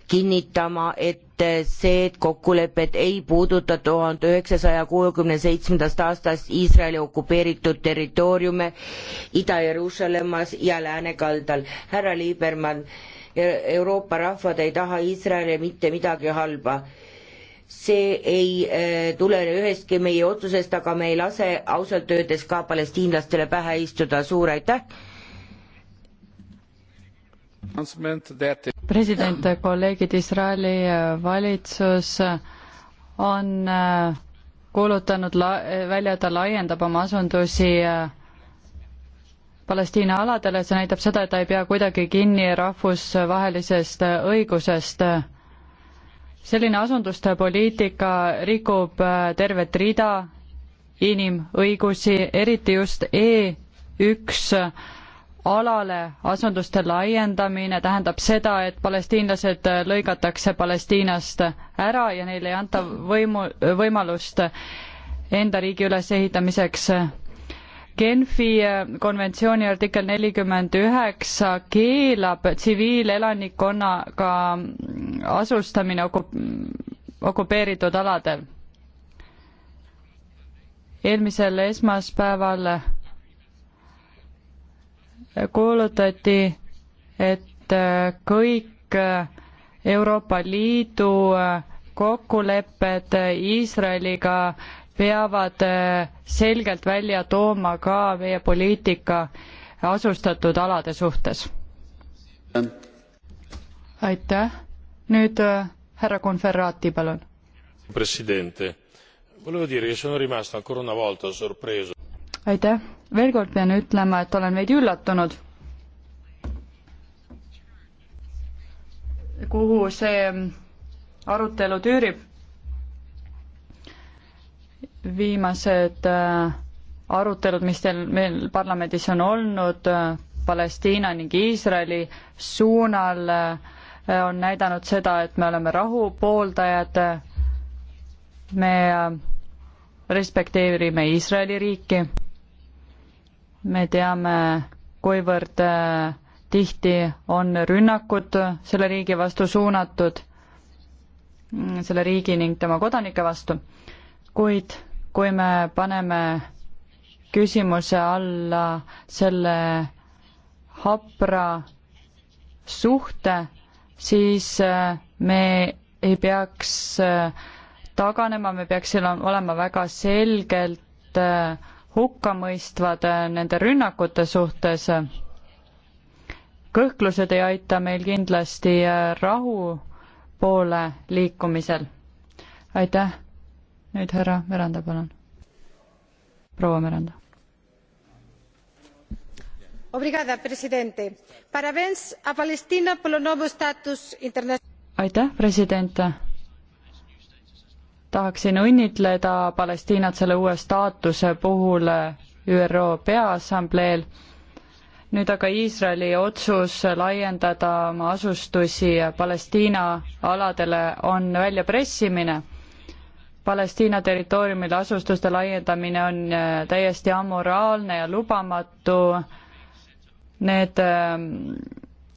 kinnitama, et see, et kokkulepped ei puuduta tuhande üheksasaja kuuekümne seitsmendast aastast Iisraeli okupeeritud territooriume Ida-Jeruusalemmas ja läänekaldal. härra Liibermann, Euroopa rahvad ei taha Iisraeli mitte midagi halba see ei eh, tulene ühestki meie otsusest, aga me ei lase ausalt öeldes ka palestiinlastele pähe istuda, suur aitäh! president, eh, kolleegid, Iisraeli eh, valitsus on kuulutanud la-, välja, ta laiendab oma asundusi Palestiina aladele, see näitab seda, et ta ei pea kuidagi kinni rahvusvahelisest õigusest selline asunduste poliitika rikub äh, tervet rida inimõigusi, eriti just E üks alale asunduste laiendamine tähendab seda, et palestiinlased äh, lõigatakse Palestiinast ära ja neile ei anta võimu, võimalust enda riigi ülesehitamiseks Genfi äh, konventsiooni artikkel nelikümmend üheksa keelab tsiviilelanikkonnaga asustamine okup-, okupeeritud aladel. eelmisel esmaspäeval kuulutati, et äh, kõik äh, Euroopa Liidu kokkulepped Iisraeliga äh, peavad äh, selgelt välja tooma ka meie poliitika asustatud alade suhtes. aitäh, nüüd äh, härra Conferrati, palun. aitäh, veel kord pean ütlema, et olen veidi üllatunud kuhu see arutelu tüürib viimased äh, arutelud, mis teil, meil parlamendis on olnud äh, Palestiina ning Iisraeli suunal, äh, on näidanud seda, et me oleme rahu pooldajad, me respekteerime Iisraeli riiki, me teame, kuivõrd tihti on rünnakud selle riigi vastu suunatud, mm, selle riigi ning tema kodanike vastu, kuid kui me paneme küsimuse alla selle hapra suhte, siis äh, me ei peaks äh, taganema, me peaksime olema väga selgelt äh, hukkamõistvad nende rünnakute suhtes. kõhklused ei aita meil kindlasti rahu poole liikumisel. aitäh! nüüd härra Meranda, palun. proua Meranda. aitäh, president tahaksin õnnitleda Palestiinat selle uue staatuse puhul ÜRO Peaassambleel. nüüd aga Iisraeli otsus laiendada oma asustusi Palestiina aladele on väljapressimine. Palestiina territooriumil asustuste laiendamine on äh, täiesti amoraalne ja lubamatu. Need ähm,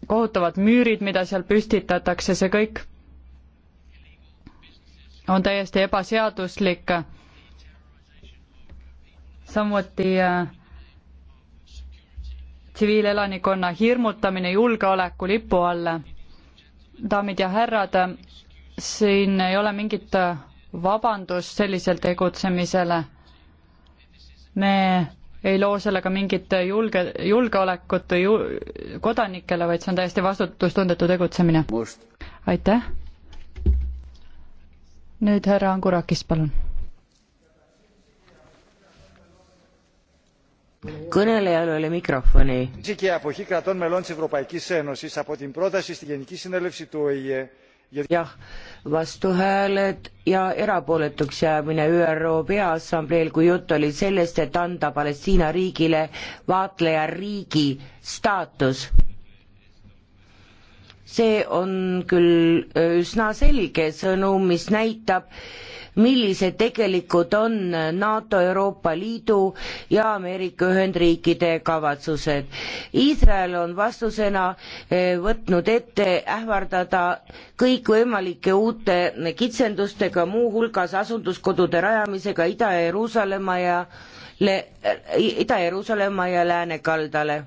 kohutavad müürid, mida seal püstitatakse, see kõik on täiesti ebaseaduslik. samuti äh, tsiviilelanikkonna hirmutamine julgeoleku lipu alla. daamid ja härrad, siin ei ole mingit äh, vabandust sellisel tegutsemisele. me ei loo sellega mingit julge, julgeolekut ju, kodanikele, vaid see on täiesti vastutustundetu tegutsemine. aitäh. nüüd härra Angurakis, palun. kõnelejal oli mikrofoni jah, vastuhääled ja erapooletuks jäämine ÜRO Peaassambleel, kui jutt oli sellest, et anda Palestiina riigile vaatlejariigi staatus. see on küll üsna selge sõnum, mis näitab, millised tegelikult on NATO, Euroopa Liidu ja Ameerika Ühendriikide kavatsused. Iisrael on vastusena eh, võtnud ette ähvardada kõikvõimalike uute kitsendustega, muuhulgas asunduskodude rajamisega Ida-Jeruusalemma ja Ida-Jeruusalemma ja läänekaldale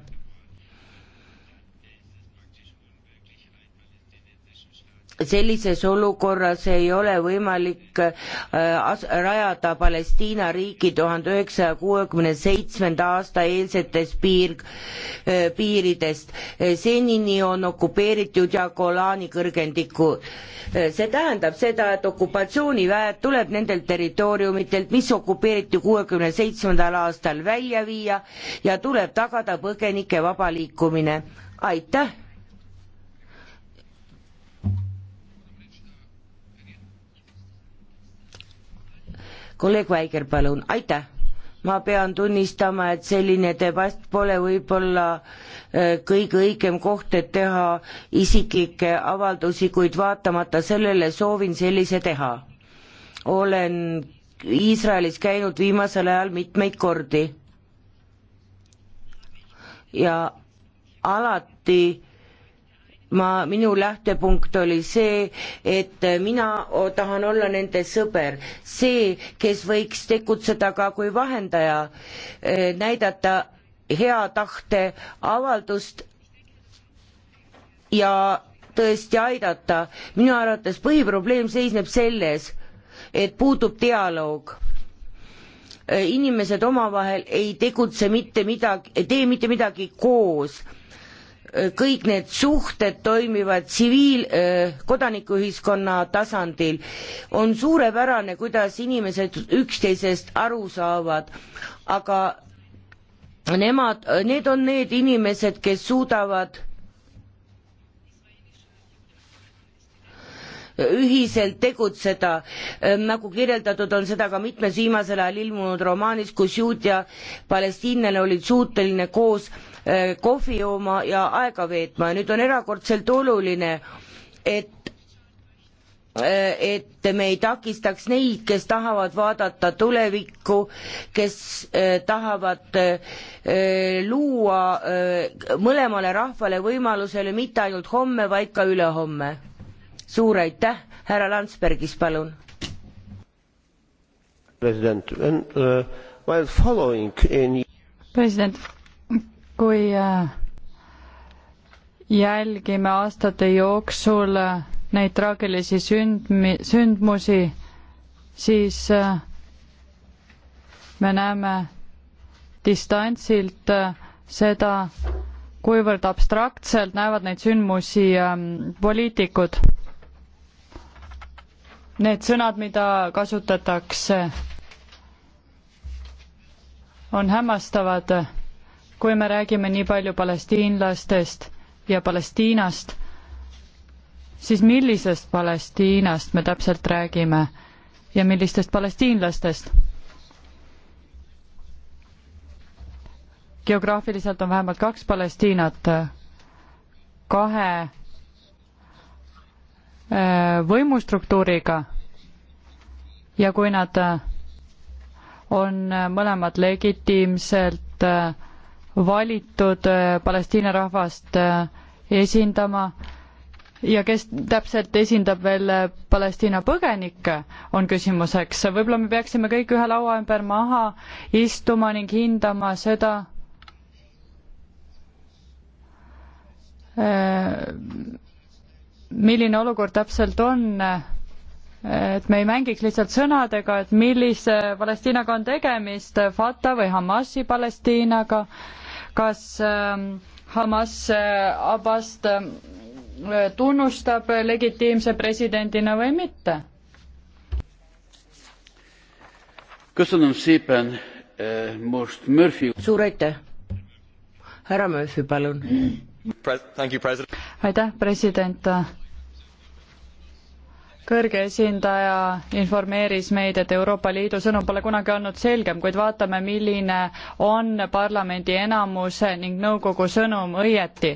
sellises olukorras ei ole võimalik äh, rajada Palestiina riiki tuhande üheksasaja kuuekümne seitsmenda aasta eelsetest piir, äh, piiridest. senini on okupeeritud ja Golani kõrgendiku. Äh, see tähendab seda, et okupatsiooniväed tuleb nendelt territooriumitelt, mis okupeeriti kuuekümne seitsmendal aastal välja viia ja tuleb tagada põgenike vaba liikumine. aitäh! kolleeg Väiger, palun, aitäh! ma pean tunnistama, et selline debatt pole võib-olla äh, kõige õigem koht, et teha isiklikke avaldusi, kuid vaatamata sellele soovin sellise teha. olen Iisraelis käinud viimasel ajal mitmeid kordi ja alati ma, minu lähtepunkt oli see, et mina tahan olla nende sõber, see, kes võiks tegutseda ka kui vahendaja, e, näidata hea tahte avaldust ja tõesti aidata. minu arvates põhiprobleem seisneb selles, et puudub dialoog e, inimesed omavahel ei tegutse mitte midagi, ei tee mitte midagi koos kõik need suhted toimivad tsiviil, äh, kodanikuühiskonna tasandil. on suurepärane, kuidas inimesed üksteisest aru saavad, aga nemad, need on need inimesed, kes suudavad ühiselt tegutseda, äh, nagu kirjeldatud on seda ka mitmes viimasel ajal ilmunud romaanis, kus juut ja palestiinlane olid suuteline koos Eh, kohvi jooma ja aega veetma ja nüüd on erakordselt oluline, et eh, et me ei takistaks neid, kes tahavad vaadata tulevikku, kes eh, tahavad luua mõlemale rahvale võimalusele mitte ainult homme, vaid ka ülehomme. suur aitäh, härra Landsbergis, palun president, when uh, while following in president kui äh, jälgime aastate jooksul äh, neid traagilisi sündmi-, sündmusi, siis äh, me näeme distantsilt seda, kuivõrd abstraktselt näevad neid sündmusi ähm, poliitikud. Need sõnad, mida kasutatakse, on hämmastavad kui me räägime nii palju palestiinlastest ja Palestiinast, siis millisest Palestiinast me täpselt räägime ja millistest palestiinlastest? geograafiliselt on vähemalt kaks Palestiinat, kahe äh, võimustruktuuriga ja kui nad äh, on äh, mõlemad legitiimselt äh, valitud äh, Palestiina rahvast äh, esindama ja kes täpselt esindab veel äh, Palestiina põgenikke, on küsimuseks. võib-olla me peaksime kõik ühe laua ümber maha istuma ning hindama seda, milline olukord täpselt on, et me ei mängiks lihtsalt sõnadega, et millise Palestiinaga on tegemist, Fatah või Hamasi Palestiinaga äh,, kas ähm, Hamas äh, Abbast ähm, tunnustab äh, legitiimse presidendina või mitte? Eh, suur aitäh! härra Murphy, palun! aitäh, president! kõrge esindaja informeeris meid, et Euroopa Liidu sõnum pole kunagi olnud selgem, kuid vaatame, milline on parlamendi enamuse ning nõukogu sõnum õieti.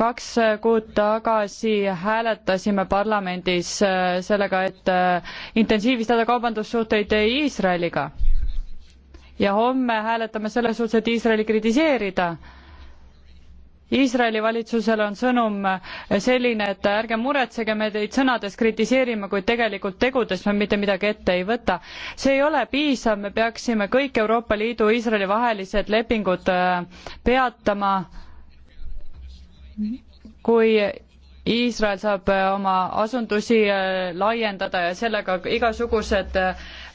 kaks kuud tagasi hääletasime parlamendis äh, sellega, et äh, intensiivistada kaubandussuhteid Iisraeliga. ja homme hääletame selles suhtes, et Iisraeli kritiseerida Iisraeli valitsusele on sõnum selline, et ärge muretsege, me teid sõnades kritiseerime, kuid tegelikult tegudes me mitte midagi ette ei võta. see ei ole piisav, me peaksime kõik Euroopa Liidu, Iisraeli vahelised lepingud äh, peatama, kui Iisrael saab äh, oma asundusi äh, laiendada ja sellega igasugused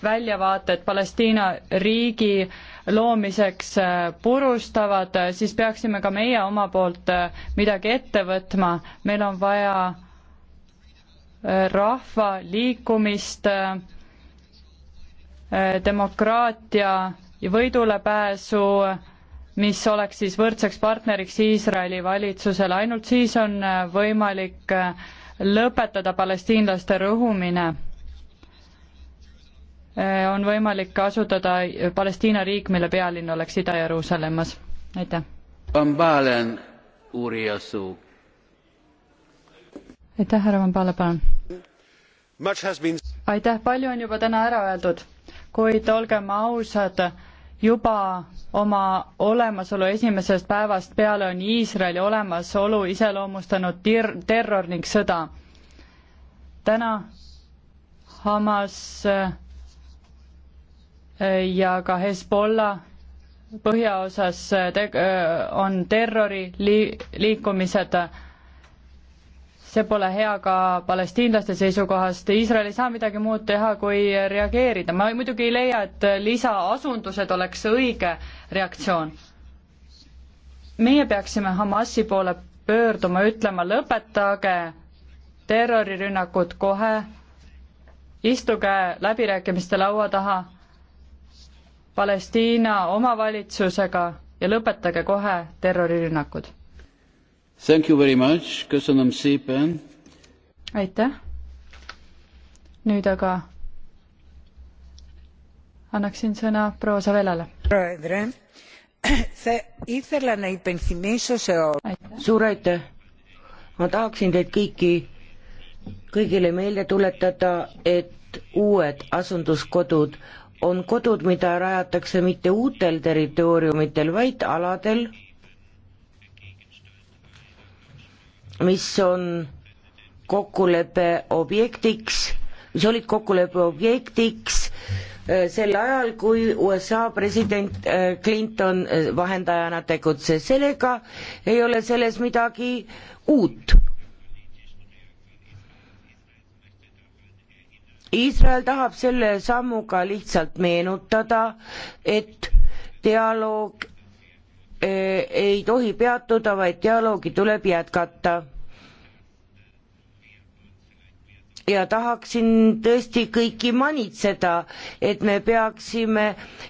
väljavaated Palestiina riigi äh, loomiseks äh, purustavad, äh, siis peaksime ka meie oma poolt äh, midagi ette võtma, meil on vaja rahva liikumist, demokraatia ja võidule pääsu, mis oleks siis võrdseks partneriks Iisraeli valitsusele, ainult siis on võimalik lõpetada palestiinlaste rõhumine Eh, on võimalik asutada Palestiina riik, mille pealinn oleks Ida-Jeruusalemmas. aitäh. aitäh, härra Van Baale, palun. aitäh, palju on juba täna ära öeldud, kuid olgem ausad, juba oma olemasolu esimesest päevast peale on Iisraeli olemasolu iseloomustanud tir-, terror ning sõda. täna Hamas ja ka Hezbollah põhjaosas te-, on terroriliikumised, see pole hea ka palestiinlaste seisukohast, Iisrael ei saa midagi muud teha, kui reageerida, ma muidugi ei leia, et lisaasundused oleks õige reaktsioon. meie peaksime Hamasi poole pöörduma, ütlema lõpetage terrorirünnakud kohe, istuge läbirääkimiste laua taha Palestiina omavalitsusega ja lõpetage kohe terrorirünnakud. aitäh. nüüd aga annaksin sõna proua Savelale. suur aitäh. ma tahaksin teid kõiki, kõigile meelde tuletada, et uued asunduskodud on kodud, mida rajatakse mitte uutel territooriumitel, vaid aladel, mis on kokkuleppe objektiks, mis olid kokkuleppe objektiks äh, sel ajal, kui USA president äh, Clinton äh, vahendajana tegutses. sellega ei ole selles midagi uut, Iisrael tahab selle sammuga lihtsalt meenutada, et dialoog eh, ei tohi peatuda, vaid dialoogi tuleb jätkata ja tahaksin tõesti kõiki manitseda, et me peaksime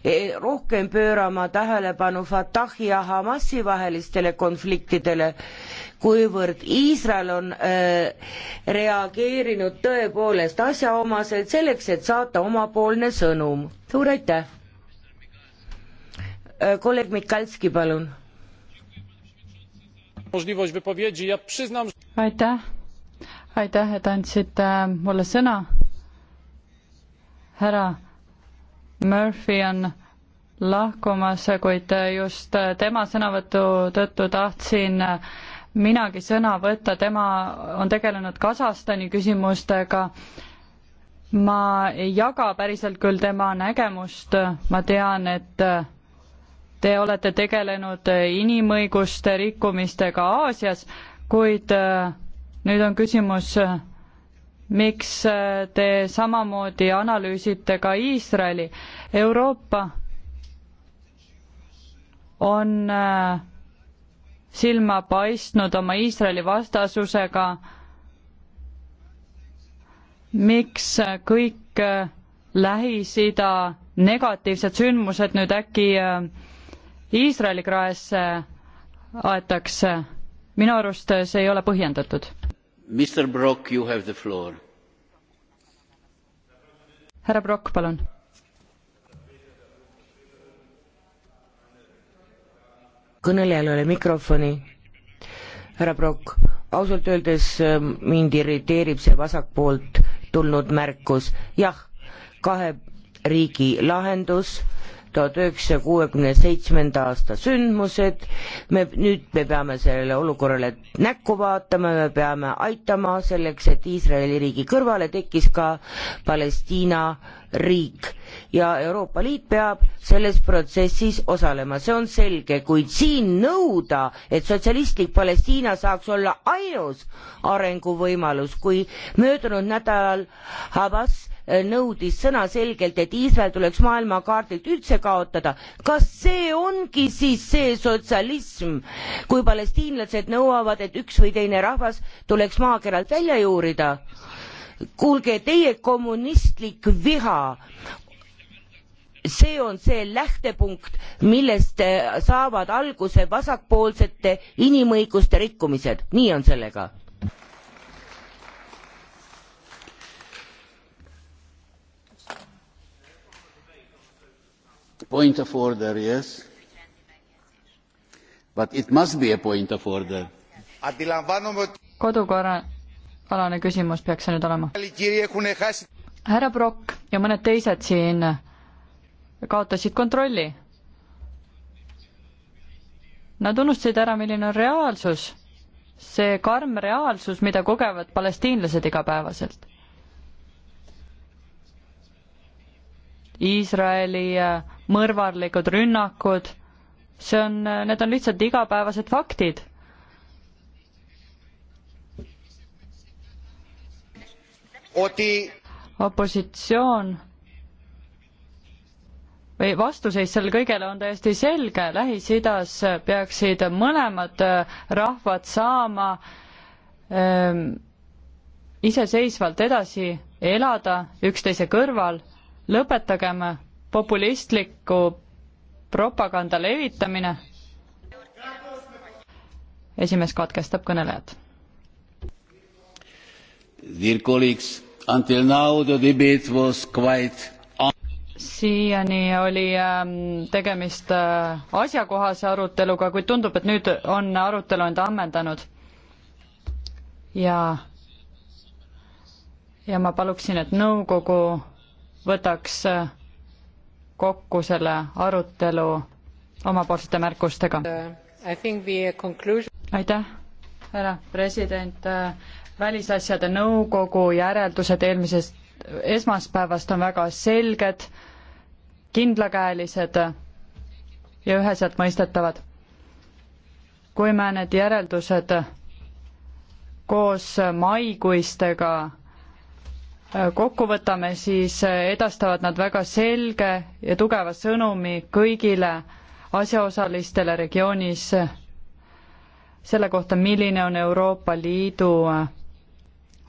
e, rohkem pöörama tähelepanu Fatahi ja Hamasi vahelistele konfliktidele, kuivõrd Iisrael on äh, reageerinud tõepoolest asjaomaselt selleks, et saata omapoolne sõnum. suur aitäh äh,! kolleeg Mikalski, palun. aitäh! aitäh, et andsite äh, mulle sõna. härra Murphy on lahkumas, kuid äh, just äh, tema sõnavõtu tõttu tahtsin minagi sõna võtta, tema on tegelenud Kasahstani küsimustega. ma ei jaga päriselt küll tema nägemust, ma tean, et te olete tegelenud inimõiguste rikkumistega Aasias, kuid äh, nüüd on küsimus, miks te samamoodi analüüsite ka Iisraeli. Euroopa on äh, silma paistnud oma Iisraeli vastasusega, miks kõik äh, Lähis-Ida negatiivsed sündmused nüüd äkki äh, Iisraeli kraesse aetakse, minu arust see ei ole põhjendatud Mr Brock, you have the floor. härra Brock, palun. kõnelejal ei ole mikrofoni. härra Brock, ausalt öeldes äh, mind irriteerib see vasakpoolt tulnud märkus, jah, kahe riigi lahendus äh, tuhat üheksasaja kuuekümne seitsmenda aasta sündmused, me nüüd me peame sellele olukorrale näkku vaatama, me peame aitama selleks, et Iisraeli riigi kõrvale tekkis ka Palestiina riik ja Euroopa Liit peab selles protsessis osalema, see on selge, kuid siin nõuda, et sotsialistlik Palestiina saaks olla ainus arenguvõimalus, kui möödunud nädalal Habas nõudis sõnaselgelt, et Iisrael tuleks maailmakaardilt üldse kaotada. kas see ongi siis see sotsialism, kui palestiinlased nõuavad, et üks või teine rahvas tuleks maakeralt välja juurida? kuulge, teie kommunistlik viha see on see lähtepunkt millest äh, saavad alguse vasakpoolsete inimõiguste rikkumised nii on sellega. point of order yes but it must be a point of order kodukorra alane küsimus peaks see nüüd olema härra Brock ja mõned teised siin kaotasid kontrolli Nad unustasid ära, milline on reaalsus, see karm reaalsus, mida kogevad palestiinlased igapäevaselt. Iisraeli mõrvarlikud rünnakud, see on, need on lihtsalt igapäevased faktid. opositsioon või vastuseis sellele kõigele on täiesti selge, Lähis-Idas peaksid mõlemad rahvad saama ähm, iseseisvalt edasi elada üksteise kõrval, lõpetagem populistliku propaganda levitamine. esimees katkestab kõnelejad. Dear colleagues, until now the debate was quite siiani oli ähm, tegemist äh, asjakohase aruteluga, kuid tundub, et nüüd on arutelu end ammendanud. ja, ja ma paluksin, et nõukogu võtaks äh, kokku selle arutelu omapoolsete märkustega. aitäh, härra president. välisasjade nõukogu järeldused eelmisest esmaspäevast on väga selged, kindlakäelised ja üheselt mõistetavad. kui me need järeldused koos maikuistega kokku võtame, siis edastavad nad väga selge ja tugeva sõnumi kõigile asjaosalistele regioonis selle kohta, milline on Euroopa Liidu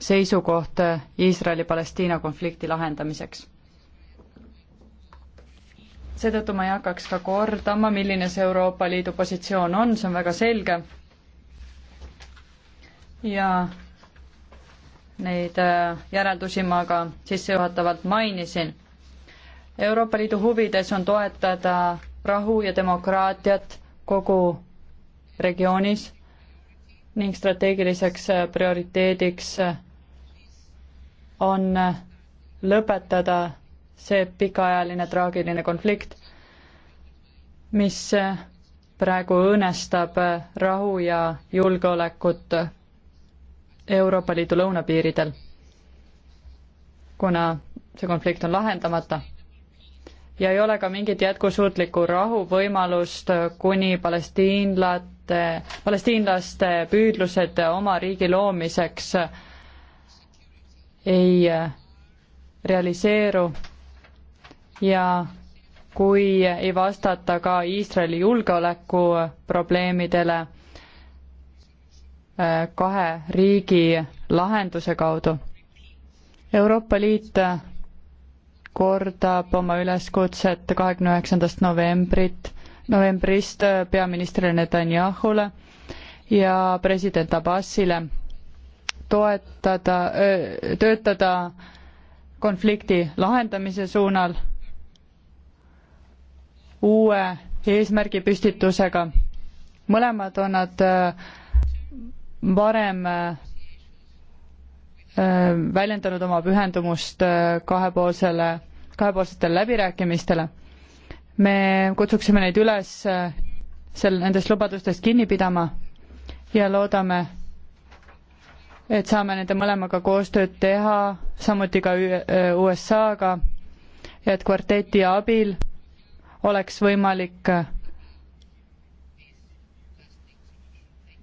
seisukoht Iisraeli-Palestiina konflikti lahendamiseks. seetõttu ma ei hakkaks ka kordama, milline see Euroopa Liidu positsioon on, see on väga selge ja neid äh, järeldusi ma ka sissejuhatavalt mainisin. Euroopa Liidu huvides on toetada rahu ja demokraatiat kogu regioonis ning strateegiliseks äh, prioriteediks äh, on lõpetada see pikaajaline traagiline konflikt, mis praegu õõnestab rahu ja julgeolekut Euroopa Liidu lõunapiiridel, kuna see konflikt on lahendamata ja ei ole ka mingit jätkusuutlikku rahuvõimalust, kuni palestiinlate, palestiinlaste püüdlused oma riigi loomiseks ei äh, realiseeru ja kui ei vastata ka Iisraeli julgeolekuprobleemidele äh, kahe riigi lahenduse kaudu. Euroopa Liit kordab oma üleskutset kahekümne üheksandast novembrit, novembrist peaministrile Netanyahule ja president Abbasile toetada, töötada konflikti lahendamise suunal uue eesmärgipüstitusega. mõlemad on nad äh, varem äh, väljendanud oma pühendumust äh, kahepoolsele, kahepoolsetele läbirääkimistele. me kutsuksime neid üles äh, seal nendest lubadustest kinni pidama ja loodame, et saame nende mõlemaga koostööd teha, samuti ka USA-ga, et kvarteti abil oleks võimalik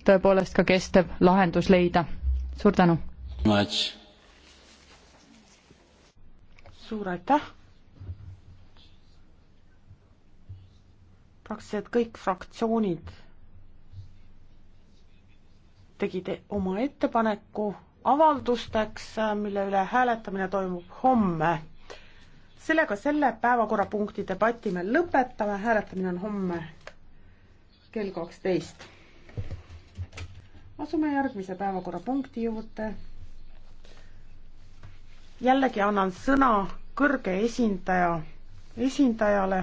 tõepoolest ka kestev lahendus leida. suur tänu! suur aitäh! praktiliselt kõik fraktsioonid tegid e- oma ettepaneku avaldusteks, mille üle hääletamine toimub homme. sellega selle päevakorrapunkti debati me lõpetame, hääletamine on homme kell kaksteist asume järgmise päevakorrapunkti juurde. jällegi annan sõna kõrge esindaja esindajale